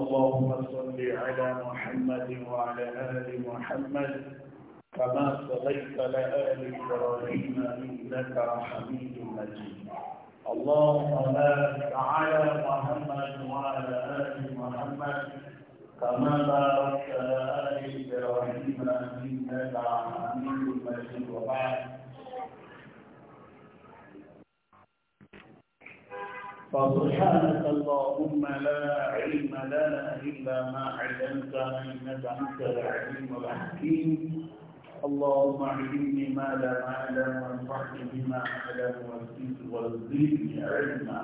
اللهم صل على محمد وعلى آل محمد كما صليت على آل إبراهيم إنك حميد مجيد اللهم بارك على محمد وعلى آل محمد كما باركت على آل إبراهيم إنك حميد فسبحانك اللهم لا علم لنا إلا ما علمتنا إنك أنت العليم الحكيم اللهم علمني ما لا أعلم وانفعني بما أعلم وزد وزدني علما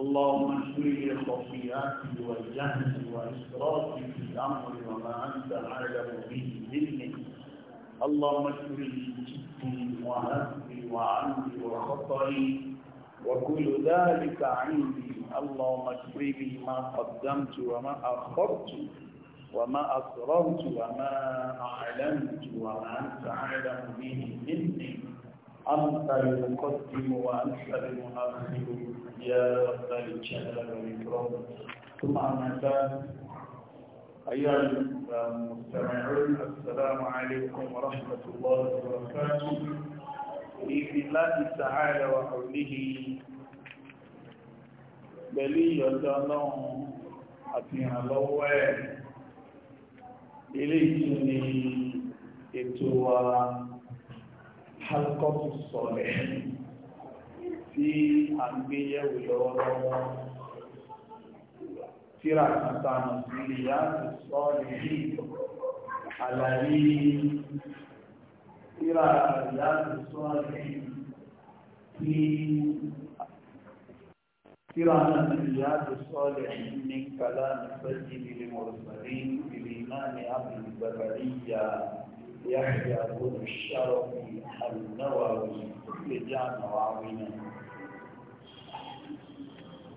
اللهم اشفي لي خطيئاتي وجهلي وإسرافي في الامر وما أنت أعلم به مني اللهم اشفي لي جدي وهمي وعمدي وخطئي وكل ذلك عندي اللهم اكفي لي ما قدمت وما أخرت وما أسررت وما أعلنت وما أنت أعلم به مني أنت المقدم وأنت المؤخر يا رب الجلال والإكرام ثم أما بعد أيها المستمعون السلام عليكم ورحمة الله وبركاته بإذن الله تعالى وحوله pẹ̀lú ìyọ̀dọ̀ ọlọ́run àti ìrànlọ́wọ́ ẹ̀ ilé ìtún ni ètò wa halkọ́tù sọ̀rẹ̀ tí a ń gbé yẹ̀wò lọ́wọ́lọ́wọ́ tíra kàtà nà sí ìyá àti àlàyé síra ìyáàtò sọ́ọ̀lẹ́yìn tí síra náà ìyáàtò sọ́ọ̀lẹ́yìn ní kàlá nìfẹ́jì nílé mọ̀lùsàrí ìrìn náà ní àbìlì bàbàríyà يحيى بن الشرف النووي لجان وعوينا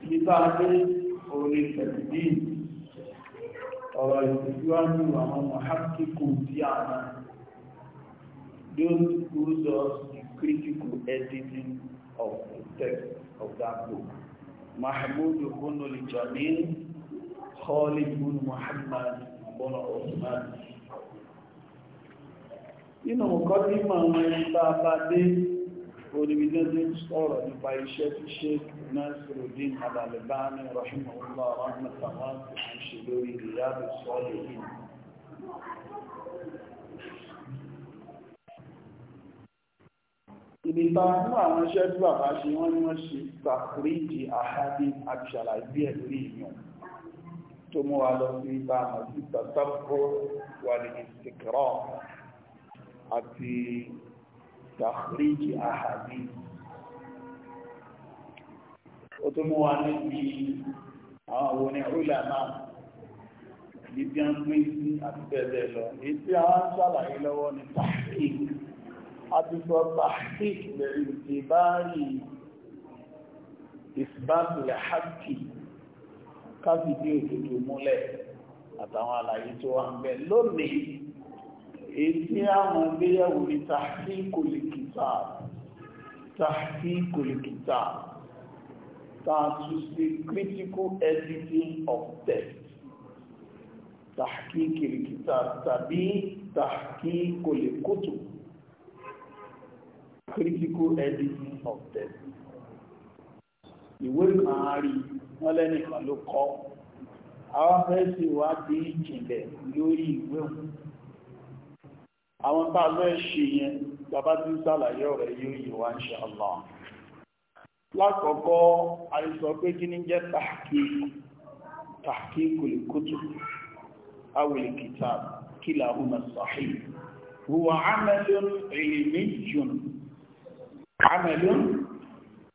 لبعض قول التجديد ọ̀rọ̀ ìtìsíwájú àwọn mọ̀hákìkù tí a máa those who does the critical editing of the text of that book. Mahmoud ibn al-Jamil, Khalid ibn Muhammad ibn Osman. Nínú ọkọ̀ tí máa ń rí bàbá dé olùbìdán tí ń sọ̀rọ̀ nípa iṣẹ́ tí Sheikh Nasiruddin Al-Albani rahimahullah rahmatan wa ṣe lórí Riyadus Salihin. ìdìbà nínú àwọn iṣẹ́ tí bàbá ṣe wọ́n ní wọ́n ṣe sàkíríjì àhádé àbíṣàlàyé ẹ̀ lórí ìyàn tó mú wa lọ sí ibà àmàtí tàtàkó wà ní ìsìnkìrọ̀ àti sàkíríjì àhádé ó tó mú wa níbi àwọn àwọn onírúlà náà ibi ń pín sí àti bẹ́ẹ̀ bẹ́ẹ̀ lọ èyí tí a ń ṣàlàyé lọ́wọ́ ní sàkíríjì àtìsọ tahqiq lè ìbárí ìsìbátìlẹ̀ hákì káfídí òdòdó múlẹ̀ àtàwọn àlàyé tó wà ń bẹ lónìí èyí àwọn ìgbéyàwó ní tahqiq al-kitab tahqiq al-kitab editing of text tahqiq al-kitab tàbí tahqiq al-kutub critical editing of them ìwé kan á rí wọ́n lẹ́nìkan ló kọ àwọn fẹ́ẹ̀sì wá bí ìjìnlẹ̀ lórí ìwé òun àwọn tá a lọ́ẹ̀ ṣe yẹn bàbá tí ń sàlàyé ọ̀rẹ́ yóò yìí wá ń ṣe ọlọ́ lákọ̀ọ́kọ́ àìsọ pé kí ní jẹ́ tàkíkù lè kútù awìlì kìtà kí làhùn masahih huwa amalun ilmiyun عمل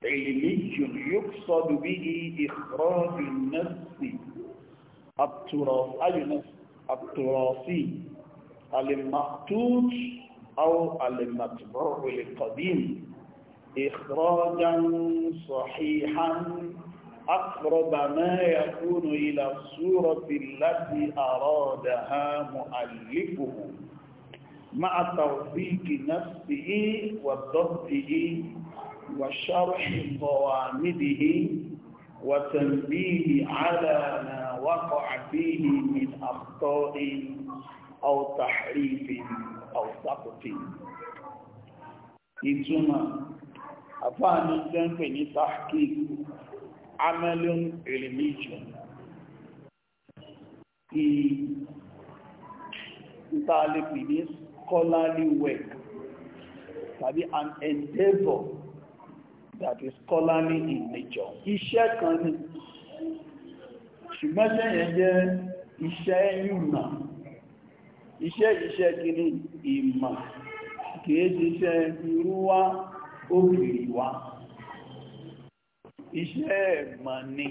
علمي يقصد به إخراج النفس التراثي التراثي المخطوط أو المطبوع القديم إخراجا صحيحا أقرب ما يكون إلى الصورة التي أرادها مؤلفه مع توفيق نفسه وضبطه وشرح قوامده وتنبيه على ما وقع فيه من أخطاء أو تحريف أو سقط إنما أفعل ذلك لتحقيق عمل علمي. tahqiq amalun ilmiju scholarly work tàbí an endeavour that is scholarly in nature iṣẹ́ kan ni ṣùgbọ́n ṣẹ́yẹn jẹ́ iṣẹ́ ìmọ̀ iṣẹ́ iṣẹ́ kìíní ìmọ̀ kìí ṣiṣẹ́ irú wá òkèrè wá iṣẹ́ ẹ̀mọ̀ ni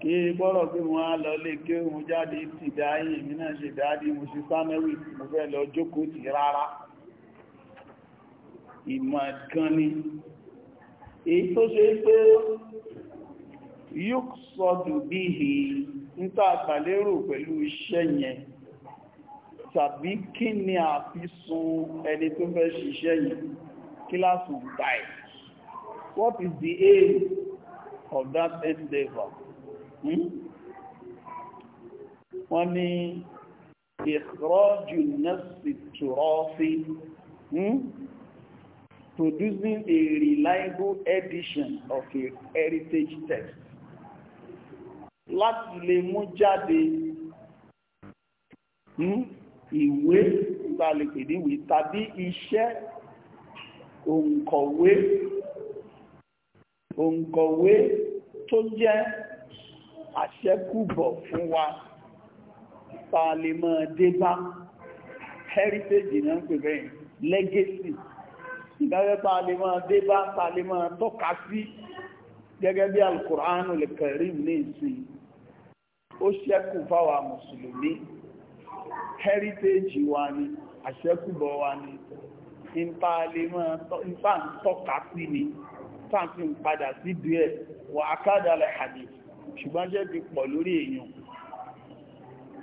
kí gbọ́rọ̀ pé wọ́n á lọ lè ké òun jáde ti dáyé èmi náà ṣe dáadé mo ṣe sámẹ́wì mo fẹ́ lọ jókòó tì rárá ìmọ̀ kan ni èyí tó ṣe pé yóò sọdù bí i níta àgbàlérò pẹ̀lú iṣẹ́ yẹn tàbí kí ni àfisùn ẹni tó fẹ́ ṣiṣẹ́ yẹn kíláàsì báyìí what is the aim of that endeavor Hmm? wọ́n ní ìkọ́jú nẹ́sì tùrọ́sí hmm? producing a reliable edition of a heritage text láti lè mú jáde hmm? ìwé ìgbàlèpèdíwé tàbí iṣẹ́ òǹkọ̀wé òǹkọ̀wé tó jẹ́ àṣẹ́kùbọ̀ fún wa pàálímọ̀ débá heritage náà pè bẹ́ẹ̀ legacy ìdájẹ́ pàálímọ̀ débá pàálímọ̀ tọ́ka sí gẹ́gẹ́ bí alkùránù lè kẹrin ní ìsìn ó ṣẹ́kù fáwa mùsùlùmí heritage wa ni àṣẹ́kùbọ̀ wa ni ìpàálímọ̀ tọ́ka sí ni tàbí padà sí díẹ̀ wà á kádàlẹ̀ hadith ṣùgbọ́n jẹ́ ti pọ̀ lórí èèyàn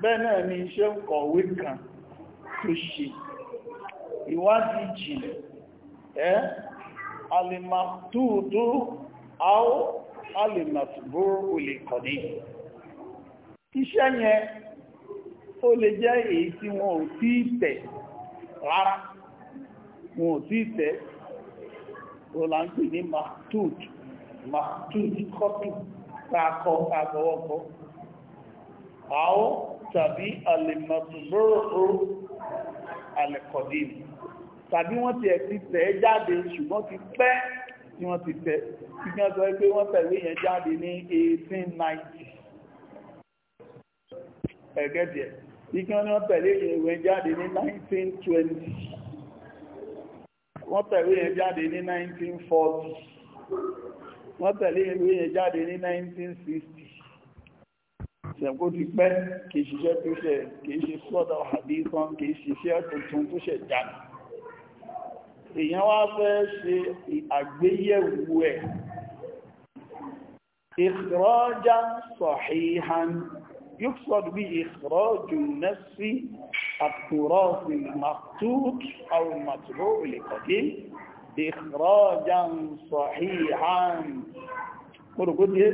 bẹ́ẹ̀ náà ni iṣẹ́ kọ̀wé kan tó ṣe ìwádìí jìnlẹ̀ ẹ́ alìmọ̀túùtú áó alìmọ̀túbúrú olè kọ̀dé iṣẹ́ yẹn ó lè jẹ́ èyí tí wọn ò tí tẹ̀ rárá wọn ò tí tẹ̀ ó là ń pè ní mahtut mahtut kọ́tù tààkọ́ tààbọ̀wọ́kọ́ àwọ́ tàbí alìmọ̀tòbóró alẹ́kọ̀dìm tàbí wọ́n ti ẹ̀sí tẹ̀ jáde ṣùgbọ́n ti pẹ́ tí wọ́n ti tẹ̀ tí wọ́n sọ pé wọ́n tẹ̀wé yẹn jáde ní 1890 ẹ̀gẹ́dẹ̀ tí wọ́n ní wọ́n tẹ̀lé ìwé jáde ní 1920 wọ́n tẹ̀wé yẹn jáde ní 1940 wọ́n tẹ̀lé ìwé yẹn jáde ní 1960 ṣẹ̀kó ti pẹ́ kìí ṣiṣẹ́ tó ṣẹ̀ kìí ṣe sọ́dọ̀ àdíkan kìí ṣiṣẹ́ tuntun tó ṣẹ̀ jáde èèyàn wá fẹ́ ṣe àgbéyẹ̀wò ẹ̀ ìkìrọ́jà sọ̀híhan يقصد به إخراج النفس التراث المخطوط أو المطبوع لقديم ìkọ̀rọ̀jà ń sọ ìhàn kòròkòdé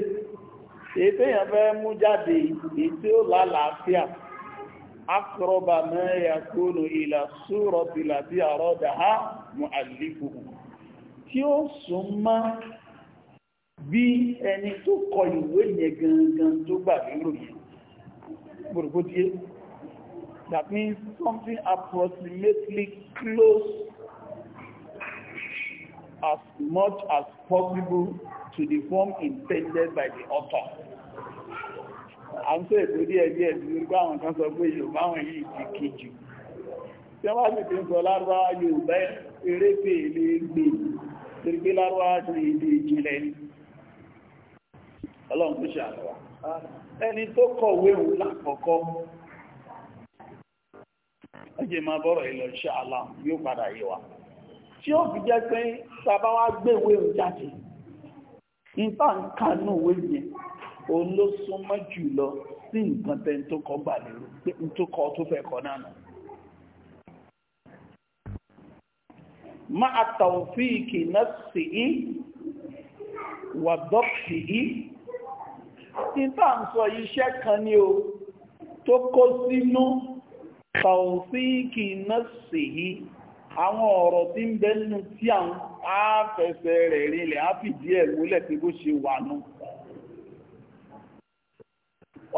ètò fẹ́ mú jáde ètò lálàáfíà akọrọba mẹ́yà kóòlò ìlà sóòrọ̀ tìlà tí àrọ́dà ha mọ̀ àlífò tí ó súnmọ́ bí ẹni tó kọ ìwé yẹn gangan tó gbà that means something approximately close as much as possible to the form intended by the author. À ń sọ èdè díẹ̀ díẹ̀ nígbà àwọn kan sọ pé Yorùbá àwọn yìí ti kejì. Tí wọ́n sì ti ń sọ lárúbáwá Yorùbá eré pè lè gbè torí pé lárúbáwá ti èdè ìjìnlẹ̀ ni. Ọlọ́run tó ṣe àlọ́wà. Ẹni tó kọ̀wé òun lákọ̀ọ́kọ́. Ẹ jẹ́ máa bọ́rọ̀ ìlọ̀ ṣáàlá yóò padà yé wa tí ó fi jẹ́ pé sábà wá gbéwé òun jáde nípa nǹkan náà wé yẹn òun ló súnmọ́ jù lọ sí nǹkan tẹ́ tó kọ́ gbà lérò pé tó kọ́ tó fẹ́ kọ́ náà nù. má a tàwọn fi ìkì sí í wà dọ́pì í nípa sọ iṣẹ́ kan ni o tó kó sínú tàwọn fi ìkì sí í àwọn ọ̀rọ̀ tí ń bẹ nínú tí àwọn afẹsẹ̀ rẹ̀ rinlẹ̀ á fìdí ẹ̀ múlẹ̀ pé bó ṣe wà nù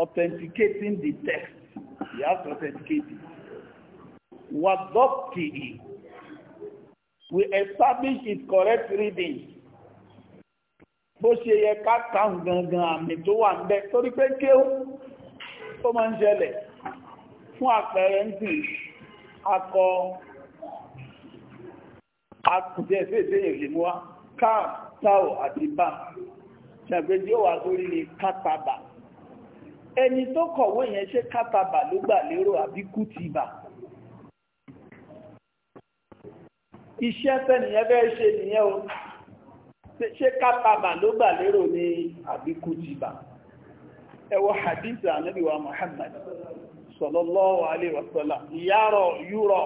authenticating the text he has to authenticate it wadopti we establish its correct reading bó ṣe yẹ ká kàn gangan àmì tó wà ń bẹ torí pé kéwù ó máa ń ṣẹlẹ̀ fún àpẹẹrẹ ń sìn akọ àkùnjẹ́ ìfẹ́ẹ̀fẹ́ èrè mú wá káà àti bá ṣàgbéjì ó wà sórí ní kátàbà ẹni tó kọ̀wé yẹn ṣe kátàbà ló gbà lérò àbí iṣẹ́ fẹ́ ṣe nìyẹn o ṣe kátàbà ló gbà lérò ní àbí ẹ hadith Muhammad yúrọ̀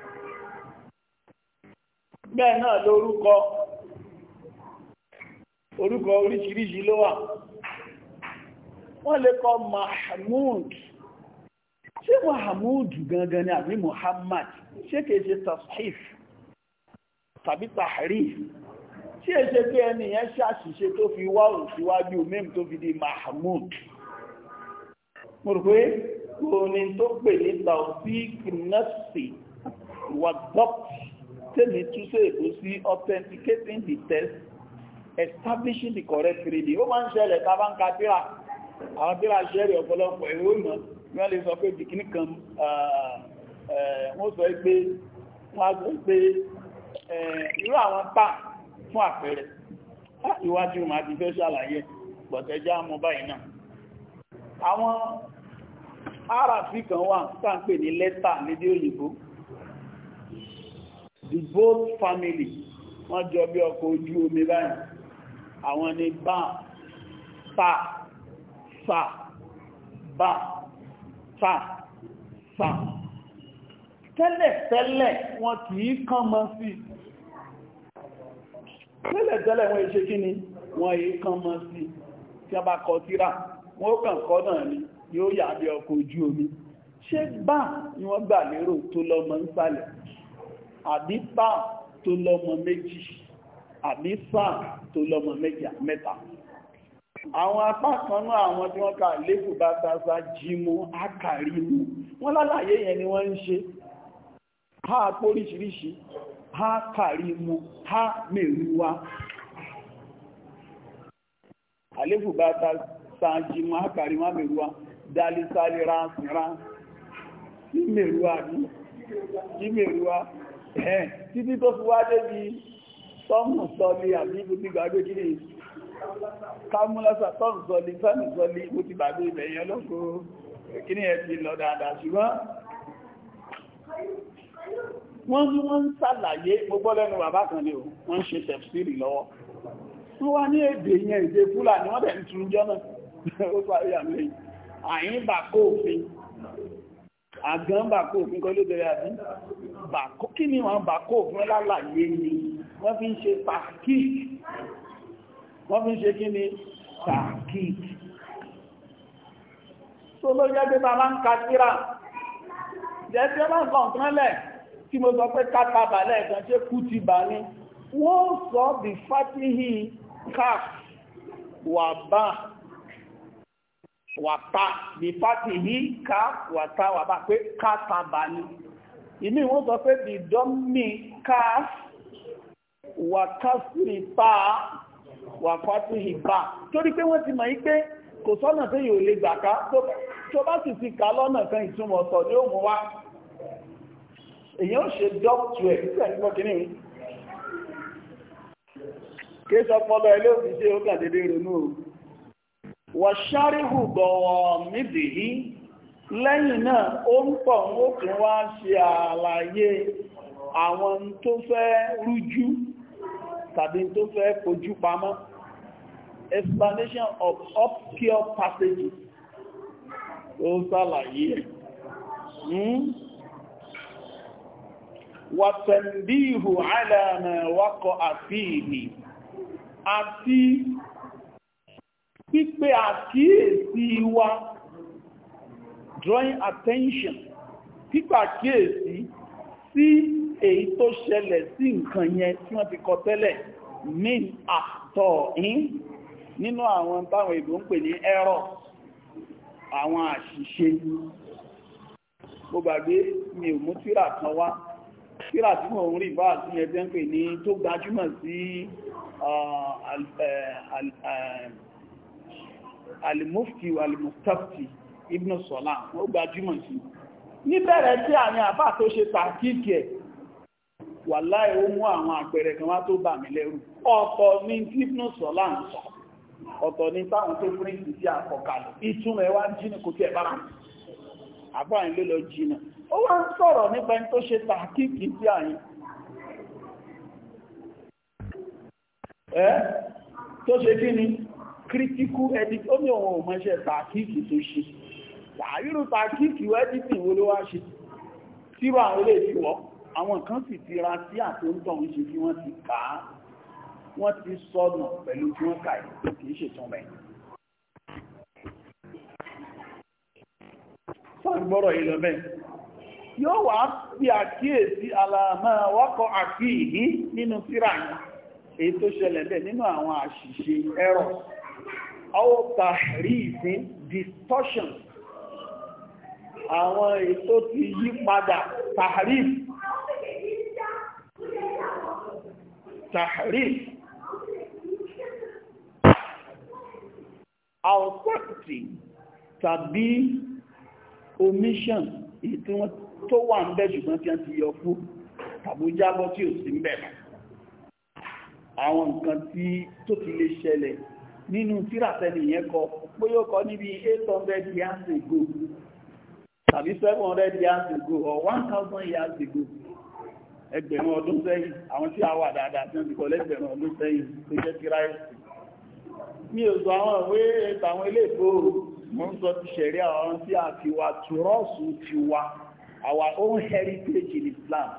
bẹ́ẹ̀ náà lórúkọ orúkọ oríṣiríṣi ló wà wọ́n lè kọ mahmoud ṣé mahmoud gangan ni àbí muhammad ṣé kìí ṣe tasif tàbí tahrif ṣé è ṣe pé ẹnìyàn ṣàṣìṣe tó fi wá òṣìwájú mẹ́m tó fi di mahmoud mo kò ní tó pè ní tàbí nọ́ọ̀sì wàdọ́pì tèmi tú sí èkó sí authenticating the test establishing the correct reading ó máa ń ṣẹlẹ̀ tábà ń ka tíra àwọn tíra ṣẹ́rì ọ̀pọ̀lọpọ̀ ẹ̀rọ ìmọ̀ ní wọ́n lè sọ pé bìkíní kan wọ́n sọ pé wọ́n á sọ pé irú àwọn tà fún àpẹẹrẹ iwájú màá ti fẹ́ ṣàlàyé pọ̀tẹ́já mọ́ báyìí náà àwọn àràfí kan wà tá ní lẹ́tà lédè òyìnbó the both family wọ́n jọ bí ọkọ̀ ojú omi báyìí àwọn ni bá pa fa bá fa fa tẹ́lẹ̀tẹ́lẹ̀ wọ́n kì í kán mọ́ sí tẹ́lẹ̀tẹ́lẹ̀ wọ́n ṣe kí ni wọ́n yìí kán mọ́ sí tí a bá kọ tírà wọ́n kàn kọ́ náà ni yóò yà bí ọkọ̀ ojú omi ṣé bá ni wọ́n gbà lérò tó lọ́mọ ń sálẹ̀ àbí tam tó lọ́mọ méjì àbí sam tó lọ́mọ mẹ́ta àwọn apá kan náà àwọn tí wọ́n kà lẹ́kùn bá tàṣà jímú ákàrímú wọ́n lálàyé yẹn ni wọ́n ń ṣe ha póríṣiríṣi ha kàrímú ha mẹ́rúwá àléfù bá tàṣà jímú ákàrímú mẹ́rúwá dálísálẹ̀ ránṣìírán sí mẹ́rúwá ní mẹ́rúwá títí tó fi wá débi tọ́mù sọlí àbí ibu ti gbàgbé kíni kámúlásà tọ́mù sọlí tọ́mù sọlí ibu ti gbàgbé ìbẹ̀yẹn lọ́kọ́ kíni ẹ̀ ti lọ dáadáa ṣùgbọ́n wọ́n ní wọ́n ń sàlàyé gbogbo lẹ́nu bàbá kan ni wọ́n ń ṣe tẹ̀fsìrì lọ́wọ́ wọ́n wá ní èdè yẹn èdè fúlàní wọ́n tẹ̀ ń tún jọ́nà ó parí àgán bàkó òfin kọ́ ló bẹ̀rẹ̀ àbí bàkó kí ni wọ́n bàkó òfin lálàyé ni wọ́n fi ń ṣe tàkík wọ́n fi ń ṣe kí ni tàkík tó ló jẹ́ pé bàbá ń ka síra jẹ́ tí wọ́n kàn kán lẹ̀ tí mo sọ pé káta bàlẹ̀ kan ṣe kú ti bà ní wọ́n sọ bí fátíhì káf wà báà wàtá bífàtì yìí ká wàtá wàbá pé kátàbà ni ìmí wọ́n sọ pé bìdọ́mì ká wàkásìrì pa wàkọ́tù ìbá torí pé wọ́n ti mọ̀ yí pé kò sọ́nà tó yìí ò lè gbà ká tó bá sì ti kà lọ́nà kan ìtumọ̀ ọ̀tọ̀ ni ó mú wá èyàn ṣe dọ́pù ẹ̀ nígbàgbọ́ kìíní mi kí sọ pọlọ ẹlẹ́òfíṣẹ́ ó kà ronú òun wàṣáríhù gọ̀wọ̀ mídìí lẹ́yìn náà ó ń pọ̀ ó tún wá ṣe àlàyé àwọn tó fẹ́ rújú tàbí tó fẹ́ kojú pamọ́ explanation of obscure passages ó ṣàlàyé hmm? wàtẹ̀ndíhù àìlànà wákọ̀ àti ìhì àti pípé àkíyèsí wa drawing attention pípé àkíyèsí sí èyí tó ṣẹlẹ̀ sí nǹkan yẹn tí wọ́n ti kọ tẹ́lẹ̀ min àtọ̀ in nínú àwọn táwọn ìbò ń pè ní ẹ̀rọ àwọn àṣìṣe mo gbàgbé mi ò mú tírà kan wá tírà tí mo ń rí bá àti ẹgbẹ́ ń pè ní tó gbajúmọ̀ sí uh, eh, eh, alimufti alimustafti ibn sọlá wọ́n gbajúmọ̀ sí bẹ̀rẹ̀ tí àwọn àbá tó ṣe tàkíkì ẹ̀ wà láì ó mú àwọn àpẹẹrẹ kan wá tó bà mí lẹ́rù ọ̀tọ̀ ní ibn sọ ọ̀tọ̀ ní táwọn tó fún ìsìn sí ìtumọ̀ jìnnà kò tí bára àbá ló lọ jìnnà ó wá ń sọ̀rọ̀ nípa ẹni tó ṣe àyìn tó ṣe critical edit ó ní ọ̀wọ̀n òmọ́ṣẹ́ tàkíkì tó ṣe tààrírù tàkíkì wẹ́dìtì wo ló wá ṣe tíro àwọn olè ti wọ́ àwọn kan sì ti ra sí àtóńtọ̀ ń ṣe kí wọ́n ti kà á wọ́n ti sọnù pẹ̀lú kí wọ́n kà kì í ṣètúnbẹ̀ sọ́gbọ́rọ̀ yìí lọ bẹ́ẹ̀ yóò wá bí àkíyèsí alàmọ́ wọ́kọ̀ àkíyìí nínú tíra yìí èyí tó ṣẹlẹ̀ bẹ́ẹ̀ nínú àwọn àṣìṣe errors أو تحريف distortion àwọn ètò ti yí padà tahrif tahrif authority tàbí omission ètò wọn tó wà ń bẹ ṣùgbọ́n tí a ti yọ fún tàbújábọ́ tí ò sí ń bẹ àwọn nǹkan tí tó ti lè ṣẹlẹ̀ nínú tíràtẹ́lì yẹn kọ bóyá ó kọ níbi 800 years ago tàbí 700 years ago or 1000 years ago ẹgbẹ̀rún ọdún sẹ́yìn àwọn tí a wà dáadáa tí wọ́n ti kọ lẹ́gbẹ̀rún ọdún sẹ́yìn tó jẹ́ kíráìsì mi ò sọ àwọn ìwé ìtàwọn ilé ìgbòho mo ń sọ ti ṣẹ̀rí àwọn tí a ti wa tùrọ́ọ̀sù ti wa our own heritage in Islam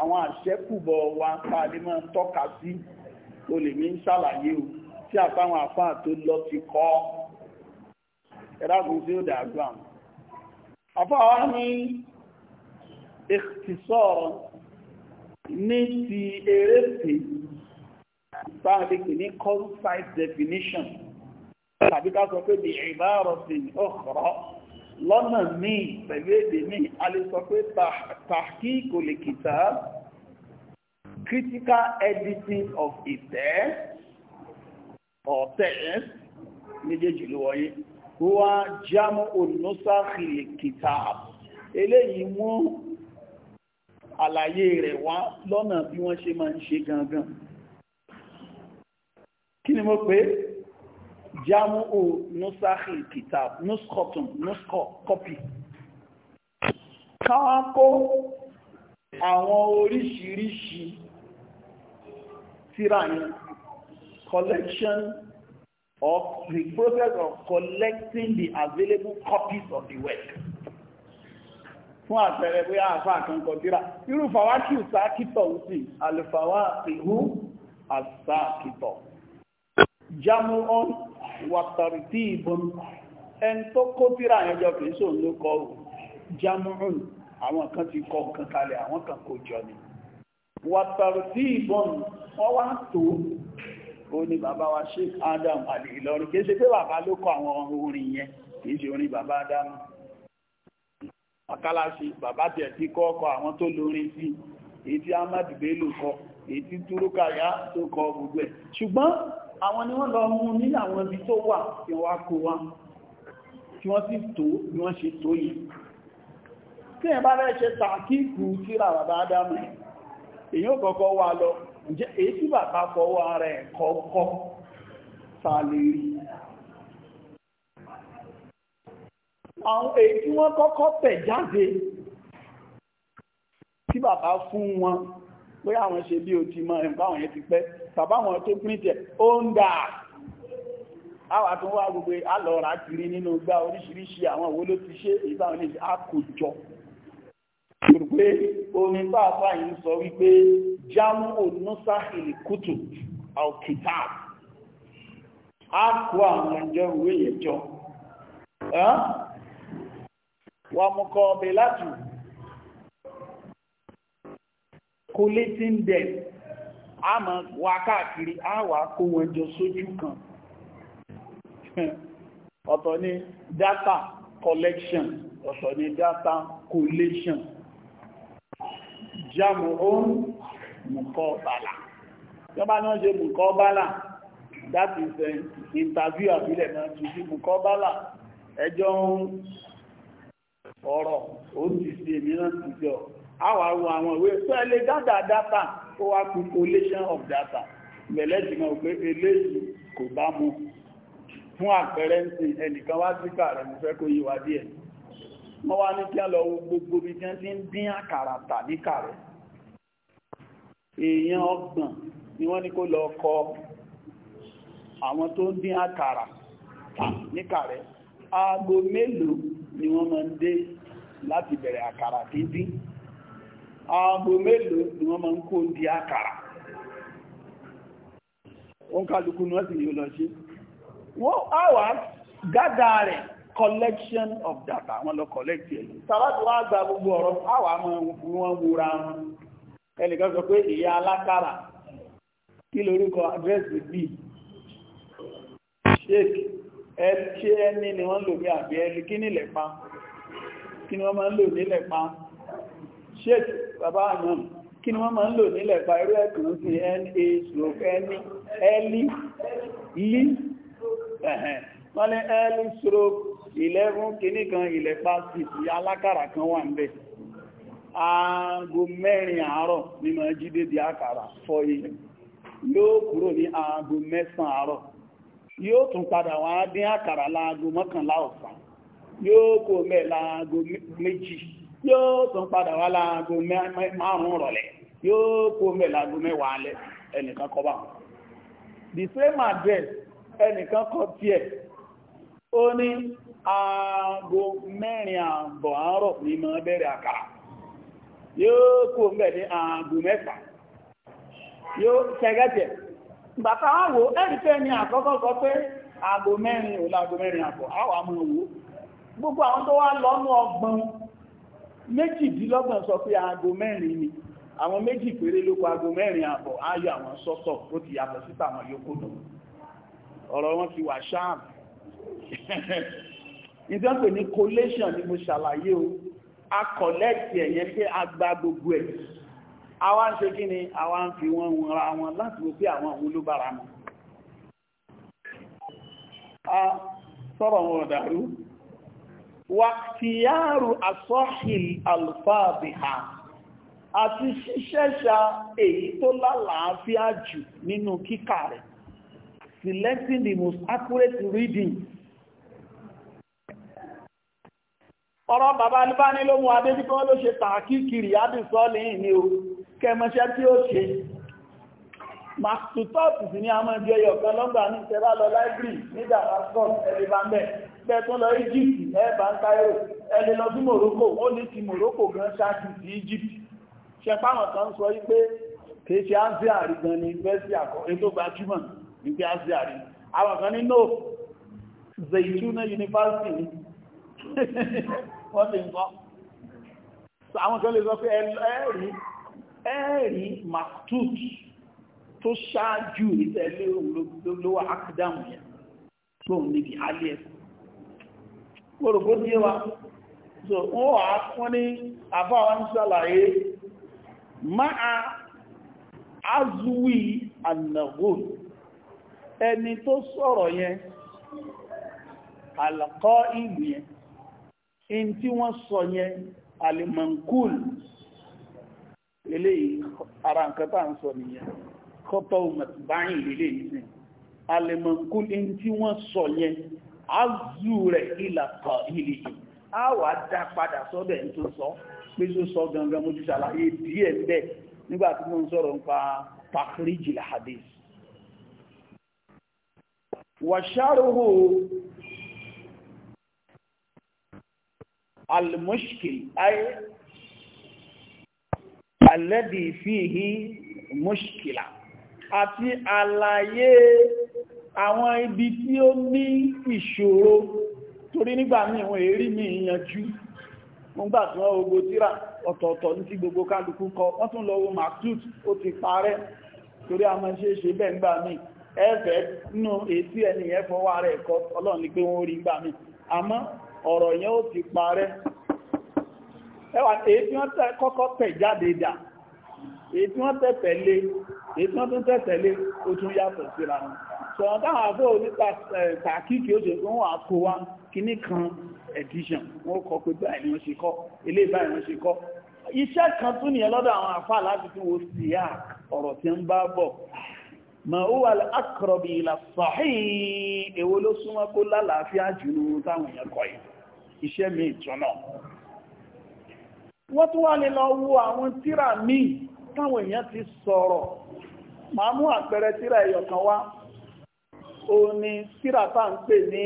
àwọn àṣẹ́kùbọ̀ wa tá a lè máa tọ́ka sí olèmí ń ṣàlàyé o tí àfáwọn àfáà tó lọ ti kọ́ ẹ̀rákùn tí ó dàgbà àfáà wá ní ìtìsọ́rọ̀ ní ti eréfè sáàdìkì ní concise definition tàbí ká sọ pé bí ìbárasin ọ̀kọ̀rọ̀ lọ́nà míì pẹ̀lú èdè míì a lè sọ pé tahqiqul kitab critical editing of a text or text méjèèjì ló wọ́yé wá jámọ́ olùnúsáàkìlì kìtàb eléyìí mú àlàyé rẹ̀ wá lọ́nà bí wọ́n ṣe máa ń ṣe gangan kí ni mo pé jámọ́ olùnúsáàkìlì kìtàb nuskọtun nuskọ kọpì káwọn àwọn oríṣiríṣi tírà yẹn collection or the process of collecting the available copies of the work. Fún àpẹẹrẹ bóyá àfá àkànkọ̀ díra, irú fàwákì ìsáàkìtọ̀ ń sì, àlùfàwá ìhú àsáàkìtọ̀. Jámú ọ́n wàtàrí tí ìbọn ẹn tó kó díra ẹjọ́ kìí sóò ló kọ jámú ọ́n àwọn kan ti kọ nǹkan kalẹ̀ àwọn kan kò jọ ni. Wàtàrí tí ìbọn wọ́n wá tó ó ní bàbá wa Sheikh Adam àlè Ìlọrin kìí ṣe pé bàbá ló kọ àwọn orin yẹn kìí ṣe orin bàbá Adam akálàṣe bàbá tiẹ̀ ti kọ́ ọkọ̀ àwọn tó lórin sí èyí tí Ahmad Bello kọ èyí tí Túrúkàyá tó kọ gbogbo ẹ̀ ṣùgbọ́n àwọn ni wọ́n lọ mú ní àwọn ibi tó wà tí wọ́n kó wá tí wọ́n sì tó bí wọ́n ṣe tó yìí tí ẹ̀ bá rẹ̀ ṣe tàkíkù tíra bàbá Adam èyí ò kọ́kọ́ wà lọ ǹjẹ́ èyí tí bàbá fọwọ́ ara ẹ̀ kọ́kọ́ ta lè rí àwọn èyí tí wọ́n kọ́kọ́ tẹ̀ jáde tí bàbá fún wọn pé àwọn ṣe bí o ti mọ ẹ̀mọ́ àwọn yẹn ti pẹ́ bàbá wọn tó pín tẹ̀ ó ń dà àwà tó wá gbogbo alọ́ra kiri nínú gbá oríṣiríṣi àwọn owó ló ti ṣe ìbáwọn ní àkójọ pé omi pàápàá yìí sọ wípé jámù onúsáhìlì kùtù àkìtà á kó àwọn ẹjọ́ ìwé ìjọ wà mú kọ ọbẹ̀ láti collating them a mọ̀ wá káàkiri á wà kó wọn jọ sójú kan ọ̀tọ̀ ni data collection ọ̀tọ̀ ni data collation jámù ohun mùkọ́ bàlá tó náà ṣe mùkọ́ bàlá that is an eh, interview àbílẹ̀ náà ti sí mùkọ́ bàlá ẹjọ́ ń ọ̀rọ̀ ó ti sí èmi náà ti jọ àwàrùn àwọn ìwé tó ẹ lè gádà data ó wá kú collation of data mẹ̀lẹ́sì náà pé eléyìí kò bá mu fún àpẹẹrẹ ń sin ẹnìkan wá sí kààrẹ̀ mo fẹ́ kó yí wa díẹ̀ wọ́n wá ní kí á lọ gbogbo bí kí á ti ń dín àkàrà tà ní kààrẹ̀ èèyàn ọgbọ̀n ni wọ́n ní kó lọ kọ àwọn tó dín àkàrà aago ni wọ́n ma ń dé láti bẹ̀rẹ̀ àkàrà dídín aago mélòó ni wọ́n ma ń kó di àkàrà wọ́n kálukú ní wọ́n sì yóò lọ ṣe wọ́n àwà gádà rẹ̀ collection of data wọ́n lọ collect wọ́n á gba gbogbo ọ̀rọ̀ ẹnìkan sọ pé ìyá alákàrà kí lórúkọ àdírẹ́sì bí ṣéèkì ṣé ẹni ni wọ́n lò bí àbí ẹni kí nílẹ̀ pa kí ni wọ́n máa ń lò nílẹ̀ pa ṣéèkì bàbá àná kí ni wọ́n máa ń lò nílẹ̀ pa irú ẹ̀kùn sí na stroke ẹni ẹlí lí ẹ̀hẹ̀n wọ́n ní ẹlí stroke 11 kìíní kan ilẹ̀ pa sí alákàrà kan wà ń bẹ̀ aago mẹ́rin àárọ̀ ní máa jí dédé àkàrà fọ́ ilẹ̀ yóò kúrò ní aago mẹ́sàn àárọ̀ yóò tún padà wá dín àkàrà láago mọ́kànlá ọ̀sán yóò kó mẹ́ láago méjì yóò tún padà wá láago márùn-ún rọ̀lẹ́ yóò kó mẹ́ láago mẹ́wàá alẹ́ ẹnìkan kọ́ bá wọn aago mẹ́rin àbọ̀ àárọ̀ n'i ma bẹ̀rẹ̀ àkàrà yóò kú ń bẹ̀ ní ààbò mẹ́fà yóò ṣẹgẹ́tẹ̀ bàtà wọ́n wò ẹ́rìfẹ́ ni àkọ́kọ́ sọ pé ààbò mẹ́rin ò láàbò mẹ́rin àbọ̀ àwà mọ́ owó gbogbo àwọn tó wá lọ́nà ọgbọ̀n méjìdínlọ́gbọ̀n sọ pé ààbò mẹ́rin ni àwọn méjì péré ló kọ ààbò mẹ́rin àbọ̀ ayọ̀ àwọn sọ́tọ̀ tó ti yàtọ̀ síta àwọn yòókù nù ọ̀rọ̀ wọn ti wà ṣáàbù ìdánpè ní collation ni mo ṣàlàyé o a kọ̀lẹ́tì ẹ̀yẹ pé a gba gbogbo ẹ̀ àwa ń ṣe kí ni àwa ń fi wọn wọra wọn láti wo pé àwọn òun ló bára mu a sọ̀rọ̀ wọn dàrú wàkìyàrù asọ́hìl alfáàbìhà àti ṣíṣẹ́ṣà èyí tó lálàáfíà jù nínú kíkà rẹ̀ selecting the most accurate reading ọ̀rọ̀ bàbá ní bá ní ló mú adébí kí wọ́n ló ṣe tààkìkiri àdìsọ́ lè ní o kẹmọṣẹ́ tí ó ṣe mastutọ́pù sí ní àmọ́ ìjọ yọ̀kan lọ́gbà ní ìtẹ́bá lọ láìbírì ní damascus ẹlẹ́bàmẹ́ bẹ́ẹ̀tún lọ egypt ẹ̀bà ń káyọ̀ ẹlẹ́ lọ sí morocco ó ní ti morocco gan ṣáàkì sí egypt ṣe páwọn university wọ́n lè ń kọ́ àwọn kan lè sọ pé ẹ̀rí ẹ̀rí maktut tó ṣáájú ìtẹ́lẹ̀ olówó akidamu yẹn tó ń níbi alẹ́ gbọ́dọ̀gbọ́dọ̀ yẹn wa so wọ́n wà wọ́n ní àbáwọn ń ṣàlàyé máa azuwi anagun ẹni tó sọ̀rọ̀ yẹn alakọ́ ìlú yẹn in tí wọ́n sọ yẹn alimankul eléyìí ara nǹkan tá ń sọ nìyẹn kọ́tọ̀ mẹ̀tìbáyìn lélẹ̀ nìyẹn alimankul in tí wọ́n sọ yẹn azú rẹ̀ ìlàkọ̀ ilẹ̀ a wà dá padà sọ́dọ̀ ẹni tó sọ pé tó sọ gangan mo ti ṣàlàyé díẹ̀ bẹ́ẹ̀ nígbà tí mo ń sọ̀rọ̀ nípa takhrij al-hadith المشكل أي الذي فيه مشكلة àti àlàyé àwọn ibi tí ó ní ìṣòro torí nígbà míì wọ́n èrí mi ìyànjú wọ́n gbà tí wọ́n ogbò tíra ọ̀tọ̀ọ̀tọ̀ ní tí gbogbo kálukú kọ wọ́n tún lọ wo matut ó ti parẹ́ torí a máa ṣe ṣe bẹ́ẹ̀ gbà míì ẹ̀fẹ́ nínú ètí ẹni ẹ̀fọ́wà rẹ̀ kọ ọ̀rọ̀ yẹn ó ti parẹ́ ẹwà èyí tí wọ́n tẹ́ kọ́kọ́ tẹ̀ jáde dà èyí tí wọ́n tẹ̀ tẹ̀lé èyí tí wọ́n tún tẹ̀ tẹ̀lé ó tún yàtọ̀ síra wọn sọ̀rọ̀ táwọn àfẹ́ onípa tàkíkì ó ṣe fún wọn àkó wa kíní kan edition wọ́n kọ pé báyìí wọ́n ṣe kọ́ ilé báyìí wọ́n ṣe kọ́ iṣẹ́ kan tún nìyẹn lọ́dọ̀ àwọn àfà láti tún wo síyá ọ̀rọ̀ tí ń bá bọ̀ ma ó wà akọ̀rọ̀bì ìlà sọ̀hìn èwo ló súnmọ́ kó lálàáfíà jù táwọn èèyàn kọ̀ yìí iṣẹ́ mi ìtúnà wọ́n tún lọ wo àwọn tíra mi táwọn èèyàn ti sọ̀rọ̀ máa mú àpẹẹrẹ tíra ẹyọ kan wá o ni tíra tá ń pè ní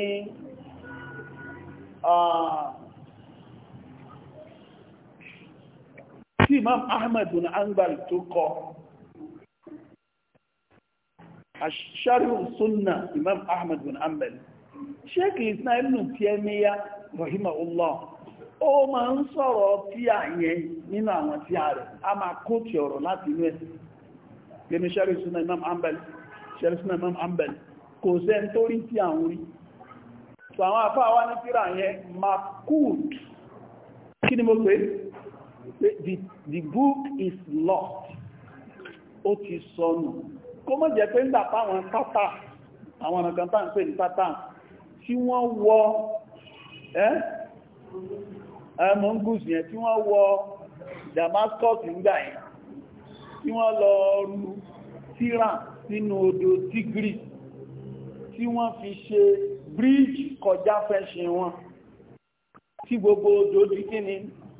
Imam ahmed bin Hanbal tó kọ Sharh Imam Ahmad bin rahimahullah ó máa ń sọ̀rọ̀ tí a yẹn nínú àwọn tí a rẹ̀ a máa kó tí ọ̀rọ̀ láti inú ẹ̀ gẹ́mi sẹ́rì imam ambel tó rí tí rí so àwọn afá wá ní tíra yẹn makud kí ni mo pè the, book is lost ó ti sọnù kó mọ́ jẹ́ pé ń gbà tátà àwọn ọ̀nà kan ẹ́ mongoose yẹn tí wọ́n wọ Damascus nígbà yẹn tí wọ́n lọ rú tíra nínú odò Tigris tí wọ́n fi ṣe bíríjì kọjá fẹ́ṣin wọn tí gbogbo odò di kíni